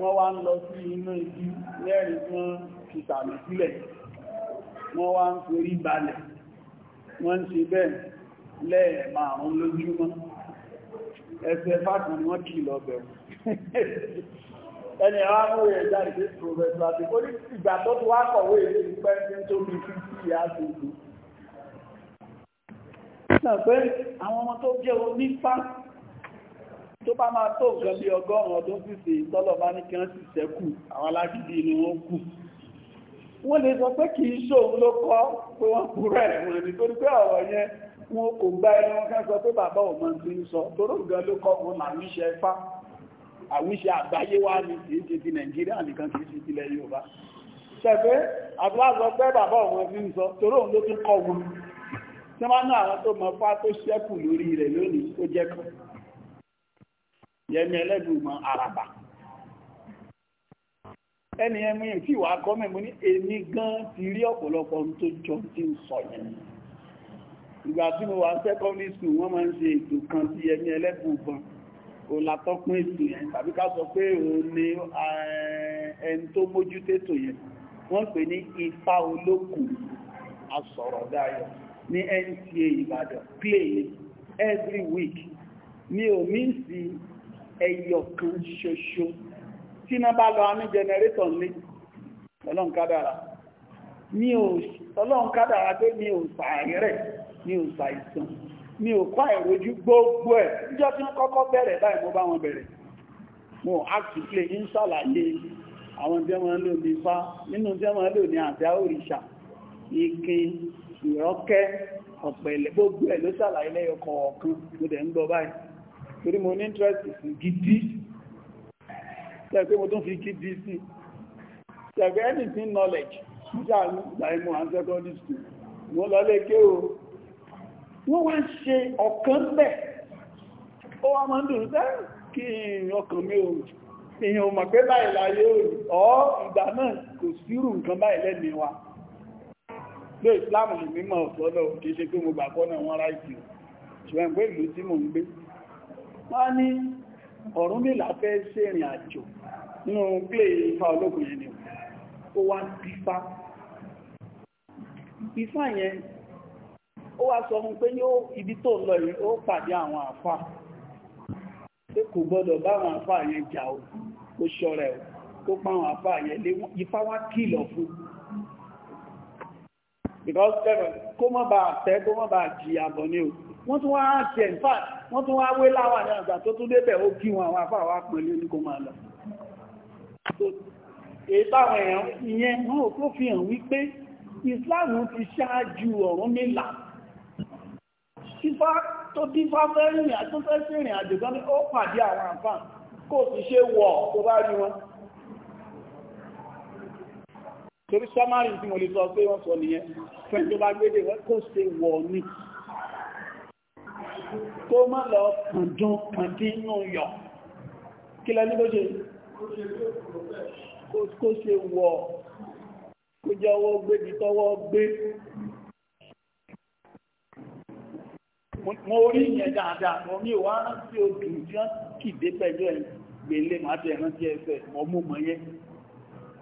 wọ́n wá ń lọ sí inú ẹni àwọn amóhùn yẹn jáde pé professor àti ó ní ìgbà tó ti wá kọ̀wé èyí ti pẹ́ ní tó fi fi sí ìyá àti ìlú. náà pé àwọn ọmọ tó jẹ́ onífá tó bá máa tó nǹkan bí ọgọ́rùn-ún ọdún sísè tọ́lọ̀ bá ní kí wọ́n sì ṣẹ́kù àwọn alágídí ni wọ́n kù wọ́n lè sọ pé kìí ṣòun ló kọ́ pé wọ́n kúrẹ̀ ẹ̀wọ̀n ní torí pé ọ̀rọ̀ yẹn wọn kò gba ẹni wọn kẹ́ sọ pé bàbá òun ti ń sọ toró nǹkan ló kọ́ wọn màá níṣẹ́ àwíṣe àgbáyé wá ní kìí ṣe ti nàìjíríà nìkan kìí ṣe tilẹ̀ yorùbá ṣẹ̀fẹ́ àbúrásọ pé bàbá wọn fi ń sọ torí òun ló tún kọ wọn tí wọ́n ná àwọn tó mọ fá tó ṣẹ́kù lórí rẹ̀ lónìí tó jẹ́ kan yẹmi ẹlẹ́gbùmọ̀ àràbà ẹni ẹmú yìí tí wà á kọ́ mẹ́mú ní èmi gan ti rí ọ̀pọ̀lọpọ̀ ohun tó jọ tí ń sọ yẹn ìgbà tí mo wà secondary school wọ́n máa ń ṣe ètò kan tí yẹmi ẹlẹ́gbùmọ̀ o látọ́pín ètò yẹn tàbí ká sọ pé òun ni eh, ẹni tó mójú tètò yẹn wọ́n pè ní ifá olókùn asọ̀rọ̀dáyọ̀ ní NTA Ìbàdàn play every week ní omi sí ẹyọ kan ṣoṣo tí náà bá lọ àmì generator lé ọlọ́run kádàrà ní ọlọ́run kádàrà pé ní òsà rẹ̀ ní òsà ìsàn mi ò kọ́ àìrójú gbogbo ẹ̀ níjọ́ tí ń kọ́kọ́ bẹ̀rẹ̀ báyìí mo bá wọn bẹ̀rẹ̀ mo act play ń ṣàlàyé àwọn tí wọ́n lò ní fá nínú tí wọ́n lò ní àdá òrìṣà ikin ìrọ́kẹ́ ọ̀pẹ̀lẹ̀ gbogbo ẹ̀ ló ṣàlàyé lẹ́yọ kọ̀ọ̀kan mo dẹ̀ ń gbọ́ báyìí torí mo ní interest sí gidi tẹ́gbé mo tún fi gidi sí tẹ́gbé anything knowledge mo ṣàlàyé mo à ń secondary school mo lọ lé kéwòó wọ́n wá ń ṣe ọ̀kan bẹ̀ ó wá máa ń dùn sẹ́ kí ọkàn mi ò èèyàn mọ̀ pé báyìí láyé ọ̀ ìgbà náà kò sírù nǹkan báyìí lẹ́ni wa ló ìsìláàmù lè mímọ̀ ọ̀sọ́lọ̀ kìí ṣe pé mo gbàgbọ́ náà wọ́n ráìtì ṣùgbọ́n pé ìlú tí mo ń gbé wọ́n ní ọ̀rún mìlá fẹ́ ṣe àjò nínú plé ifá ológun ni ó wá pífá pífá yẹn ó wá sọ fún pé yóò ibi tó lọ yìí ó pàdé àwọn àfà pé kò gbọ́dọ̀ bá àwọn àfà yẹn jà o kó ṣọ́ra ẹ̀ kó pa àwọn àfà yẹn lé wọn Ifá wá kìlọ̀ fún because eh, kó mọ́ bá àtẹ́ kó mọ́ bá jìyà bọ̀ ní o wọ́n tún wá jẹ́ in wọ́n tún wá wé láwà ní àgbà tó tún débẹ̀ ó kí wọn àwọn àfà wá pẹ̀lú ní kó máa lọ ìyẹn wọn ò tó fi hàn wípé Islam ti ṣáájú Ọ̀rúnmìlà tífá tó tífá fẹ́ rìnrìn àjò fẹ́ sí ìrìn àjò tán ní ó pàdé àwọn àǹfàn kò sì ṣe wọ̀ tó bá rí wọn torí sọ́márì tí mo lè sọ pé wọ́n sọ nìyẹn fẹ́ tó bá gbédè wọ́n kò ṣe wọ̀ ní kó má lọ kàndún kàndínú yọ kí lẹ ní lóṣe kó ṣe wọ̀ kó jẹ́ ọwọ́ gbé mo rí ìyẹn dáadáa mọ́ mi ò wá rántí odù tí wọ́n kìdé pẹ̀lú ẹ̀ gbélé máa tẹ̀ rántí ẹsẹ̀ mọ́ mú mọ́ yẹn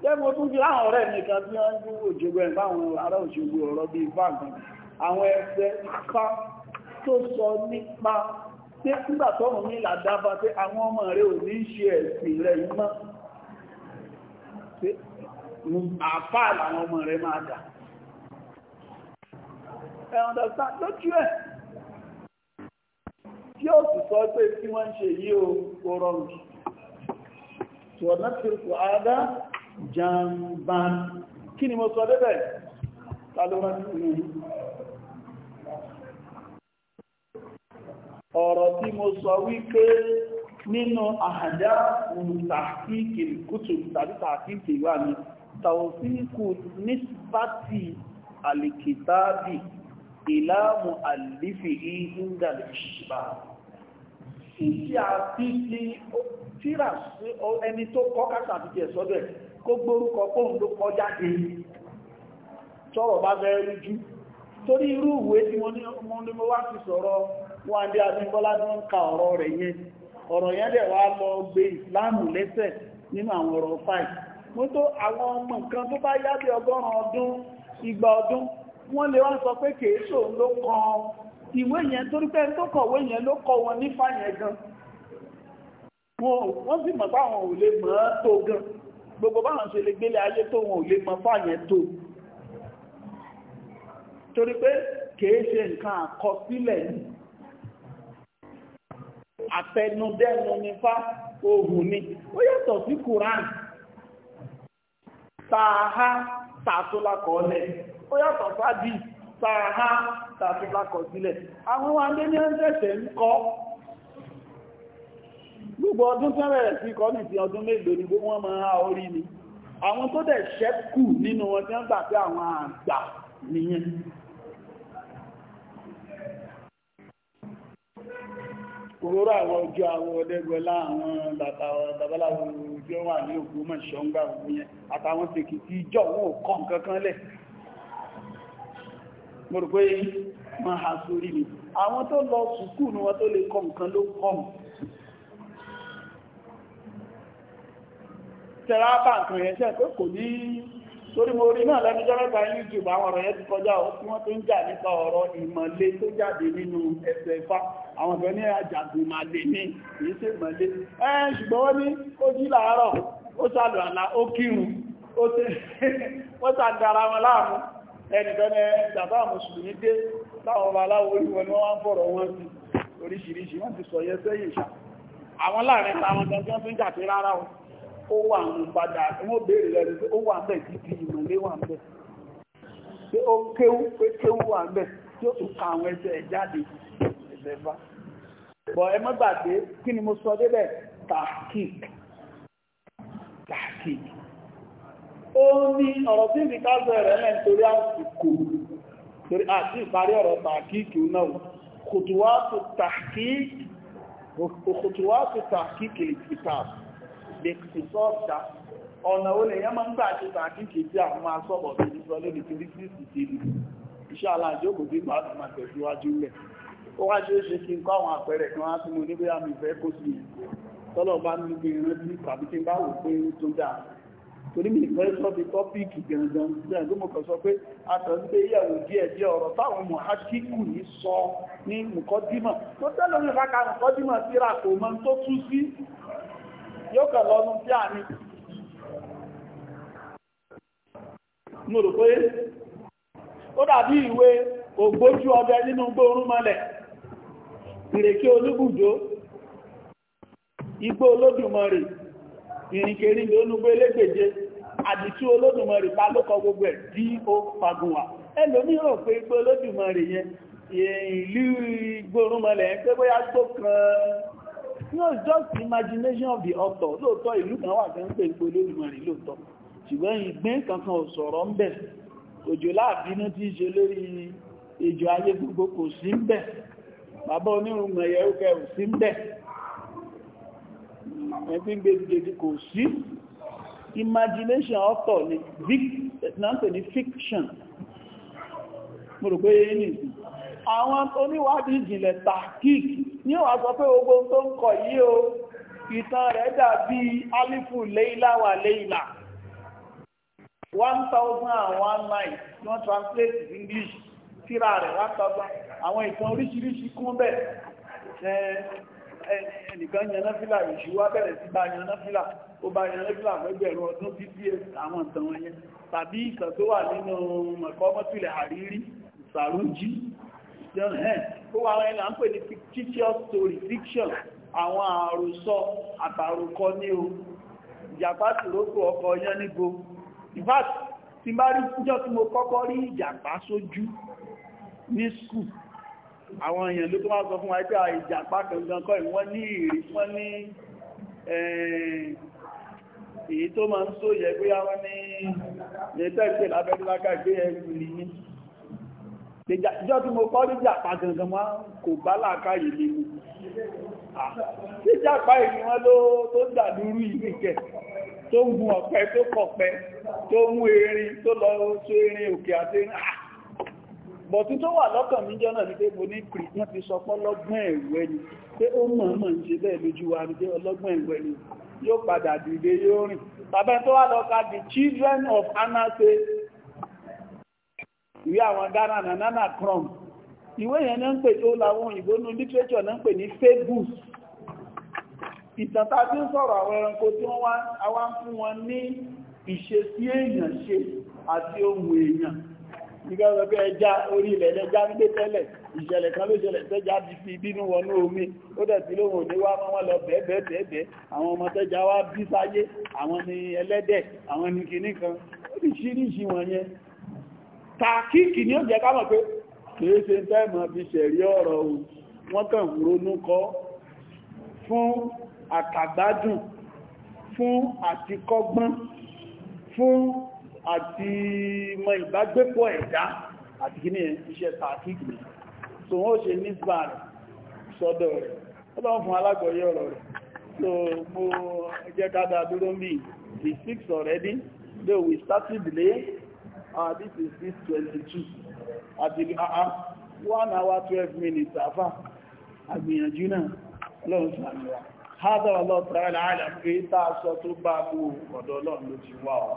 jẹ́ mo tún fi láwọn ọ̀rẹ́ mi kan tí wọ́n ń gbówó òjògbò ẹ̀ báwọn ará òjògbò ọ̀rọ̀ bíi báàgàn àwọn ẹsẹ̀ ká tó sọ nípa pé nígbà tọ́run ní làdába pé àwọn ọmọ rẹ̀ ò ní ṣe ẹ̀sìn rẹ̀ mọ́ àfáà làwọn lójú ẹ̀ tí ó sì sọ pé tí wọ́n ń ṣe yí o kò rọrùn tí ọ̀nà tí ó kò ádá jàǹbàn kí ni mo sọ débẹ̀ tàlóran ọ̀rọ̀ tí mo sọ wípé nínú àhàjá tàkíkì tàbí tàkíkì wà ní tàwọ̀síkù nísbàtì alìkìtàbì kìkì àti fi tíra sí ẹni tó kọ́ káṣà àti tiẹ̀ sọ́dọ̀ ẹ̀ kó gbórúkọ póun ló kọ́ jáde tọ́rọ̀ bá fẹ́ rújú torí irú ìwé tí wọ́n ní mo wá ti sọ̀rọ̀ wọ́n adé abímbọ́lá tó ń ka ọ̀rọ̀ rẹ̀ yẹn ọ̀rọ̀ yẹn dẹ̀ wá lọ gbé ìsìláàmù lẹ́sẹ̀ ìwé yẹn torí pé tó kọ̀wé yẹn ló kọ wọn ní fáyẹn gan wọ́n sì mọ̀ báwọn ò lè mọ̀ ọ́ tó gan gbogbo báwọn ṣe lè gbélé ayé tó wọn ò lè mọ̀ fáyẹn tó torí pé kìí ṣe nǹkan àkọsílẹ̀ ni àtẹnudẹ́nu ni fá ohun ni ó yàtọ̀ sí Quran tààhá tààtúlákọ̀ọ́lẹ̀ ó yàtọ̀ sáà dìí tààhá tààfi lákọ̀ sílẹ̀ àwọn wa ní ní ẹ́ńtẹ̀ẹ̀ṣẹ̀ ń kọ́ gbogbo ọdún tẹ́rẹ̀ sí kọ́ ní ti ọdún mélòó ni gbogbo wọn máa ha orí ni àwọn tó dẹ̀ ṣẹ́kù nínú wọn tí wọ́n gbà pé àwọn àgbà nìyẹn òróró àwọn ojú àwọn ọdẹ́gbẹ̀lá àwọn babaláwo tí ó wà ní òkú mọ̀ ṣọ́ngbà òkú yẹn àtàwọn tèkìtì ìjọ wọn ò kọ́ nǹkan kan lẹ̀ mo rò pé ma ha sórí mi àwọn tó lọ sùkúù ní wọn tó lè kọ nǹkan ló kọ́ mù tẹ́lá bá nǹkan yẹn sẹ́ pé kò ní torí mo rí náà lẹ́nu jọ́rọ́ta YouTube àwọn ọ̀rọ̀ yẹn ti kọjá òkú wọn tó ń jà nípa ọ̀rọ̀ ìmọ̀lé tó jáde nínú ẹsẹ̀ Ifá àwọn ọ̀fẹ́ ní àjàgùn màlè ní èyí sí ìmọ̀lé ẹ ṣùgbọ́n wọ́n ní ó jí làárọ̀ ó sàlù àlá ó kírun ó sàdára wọn láàmú ẹnìkan ẹ bàbá mùsùlùmí dé láwọn ọba aláwọ oríwọ ní wọ́n ń fọ̀rọ̀ wọn sí oríṣiríṣi wọ́n ti sọ̀yẹ́ sẹ́yìn ìṣà àwọn láàrin àwọn gangan tó ń jà pé rárá ó wà ń padà wọ́n béèrè lẹ́nu pé ó wà ń bẹ̀ títí ìmọ̀lé wà ń bẹ̀ pé ó kéwú pé kéwú wà ń bẹ̀ tí ó tún ka àwọn ẹsẹ̀ jáde ẹsẹ̀ bá bọ̀ ẹ mọ́gbàgbé kí ni mo sọ débẹ̀ ó ní ọ̀rọ̀ tí ìdí káàzọ̀ rẹ̀ lẹ́ torí àsìkò torí àti ìparí ọ̀rọ̀ tàkíkì náà kòtùwátù tàkíkì ìtìta lèkìtìsọ́ọ̀ta ọ̀nà olè yẹn máa ń gbà àti tàkíkì tí àwọn máa sọ́bọ̀ sí sọ lórí torí sí ìsìtìlì iṣẹ́ aláàjókòó tí bá máa tẹ̀síwájú lẹ̀ ó wá ṣe é ṣe kí n kọ́ àwọn àpẹẹrẹ kan á tí mo ní torí mi ìfẹ́ sọ fi tọ́pìkì gangan ní àgbémọ̀kọ̀ sọ pé àtàgbé ìyàwó díẹ̀ díẹ̀ ọ̀rọ̀ táwọn mọ̀hákíkù ní sọ ní mùkọ́dímọ̀ tó tẹ́lẹ̀ ní ìfàkà mùkọ́dímọ̀ sí ra kò mọ́ tó tú sí yóò kàn lọ́nu tí a ní mo rò pé ó dàbí ìwé ògbójú ọdẹ nínú gbóorún mọ́lẹ̀ ìrèké olúbùdó igbó olódùmarè ìrìnkèrí ní olúgbé lẹ́gbẹ̀jẹ́ àdìtú olódùmarè pa ló gbogbo ẹ̀ dí ó fagunwà ẹlòmí rò pé igbó yẹn ìlú igbórúnmọlẹ̀ pé bóyá tó kan no just imagination of the author lóòótọ́ ìlú kan wà kan pé igbó olódùmarè lóòótọ́ ṣùgbọ́n ìgbín kankan ò sọ̀rọ̀ ń bẹ̀ òjò láàbínú tí ṣe lórí ìjọ ayé gbogbo kò sí ń bẹ̀ bàbá onírùnmọ̀ ẹ̀yẹ ó kẹ ò sí ń bẹ̀ ẹ̀fín gbèdìgbèdì kò sí imagination ọ̀tọ̀ ni náà ní fiction mo rò pé ní ìsìn àwọn oníwádìí ìjìnlẹ̀ tàkík ní wà sọ pé ogbó tó ń kọ yí o ìtàn rẹ̀ dàbí alifu leila wà leila 1001 night translate English tíra rẹ̀ 1000 àwọn ìtàn oríṣiríṣi kún bẹ́ẹ̀ ẹnìkan yan náfílà ìṣú wá bẹ̀rẹ̀ sí bá yan náfílà ó bá yan náfílà fẹ́gbẹ̀rún ọdún títí àwọn ìtàn wọn yẹn tàbí ìkàn tó wà nínú mọ̀kọ́mọ́tìlẹ̀ àrírí sàrújí ó wà wọn là ń pè ní fictitious story fiction àwọn àròsọ àtàròkọ ní o ìjàpá sì rókò ọkọ̀ yan níbo in tí bá rí jọ́ tí mo kọ́kọ́ rí ìjàpá sójú ní school àwọn èèyàn ló tó wá sọ fún wa pé ìjàpá kankan kọ́ ìwọ́n ní ìrí wọ́n ní eh, èyí tó máa ń só yẹ pé àwọn ní ẹ̀ẹ́tẹ́ẹ̀tẹ́ lábẹ́dúlágà gbé ẹrù nìyí ìjọ tí mo kọ́ ní jàpá gangan wọn kò bá làákàyè lè mú tí jàpá tó ń gun ọ̀pẹ tó kọ̀pẹ tó mú erin tó lọ tó erin òkè àti erin àà bọ̀tí tó wà lọ́kàn mi jẹ́ náà ni pé mo ní pìrì wọ́n ti sọ pọ́ lọ́gbọ́n ẹ̀wẹ́ ni pé ó mọ̀ mọ̀ ń ṣe bẹ́ẹ̀ lójú wa ní pé ọlọ́gbọ́n ẹ̀wẹ́ ni yóò padà dìde yóò rìn bàbá tó wà lọ́ka the children of Anna say ìwé àwọn Ghana na Nana Crump ìwé yẹn náà ń pè tó làwọn òyìnbó ní literature náà ń pè ní fables ìtàn tá a ti ń sọ̀rọ̀ àwọn ẹranko tí wọ́n wá fún wọn ní ìṣesí èèyàn ṣe àti ohun èèyàn nígbà wọn pé ẹja orí ilẹ̀ ẹja ń gbé tẹ́lẹ̀ ìṣẹ̀lẹ̀ kan ló ṣẹlẹ̀ tẹ́ja ti fi bínú wọnú omi ó dẹ̀ sí lóhun òní wá mọ́ wọn lọ bẹ́ẹ̀bẹ́ẹ̀bẹ́ẹ̀ àwọn ọmọ tẹ́ja wá bí sáyé àwọn ni ẹlẹ́dẹ̀ àwọn ni kìíní kan oríṣiríṣi wọn yẹn tàkíkì ni ó jẹ́ ká mọ̀ pé kìí ṣe tẹ́mọ̀ fi ṣẹ̀rí ọ̀rọ̀ o wọ́n kàn ronú kọ fún àkàgbádùn fún àtikọ́gbọ́n fún àti mọ ìbágbépọ̀ ẹ̀dá àti kí ní iṣẹ́ tààkìkì ní so wọ́n ṣe nígbà rẹ̀ sọ́dọ̀ rẹ̀ ọlọ́run fún alágbọ̀yẹ́ ọ̀rọ̀ rẹ̀ so mo jẹ́ kádà dúró mí the six already though we started late uh, this is 622 àti uh, one hour 12 minutes àfà àgbìyànjú náà ọlọ́run sàmìwà hádọ́ ọlọ́tàrà àlàmì pé tàà sọ tó bá mú ọ̀dọ̀ ọlọ́run ló ti wà ọ́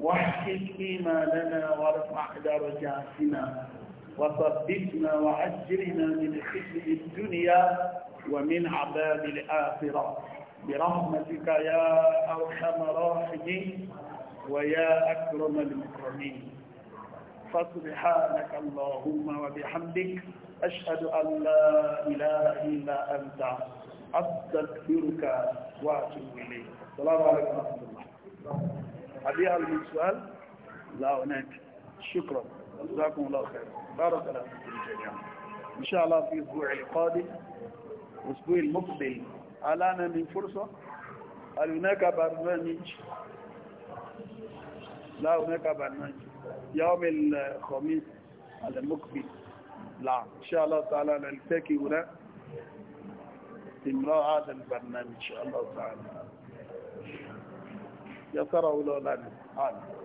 واحسن إيماننا وارفع درجاتنا وثبتنا وعجلنا من خزي الدنيا ومن عذاب الآخرة برحمتك يا أرحم الراحمين ويا أكرم المكرمين فسبحانك اللهم وبحمدك أشهد أن لا إله إلا أنت أستغفرك وأتوب إليك السلام عليكم ورحمة الله هل يهل من سؤال لا هناك شكرا جزاكم الله خير بارك الله فيكم جميعا إن شاء الله في الأسبوع القادم الأسبوع المقبل ألانا من فرصة هل هناك برنامج لا هناك برنامج يوم الخميس المقبل لا إن شاء الله تعالى نلتقي هنا استمرار هذا البرنامج إن شاء الله تعالى yasara wula lana amin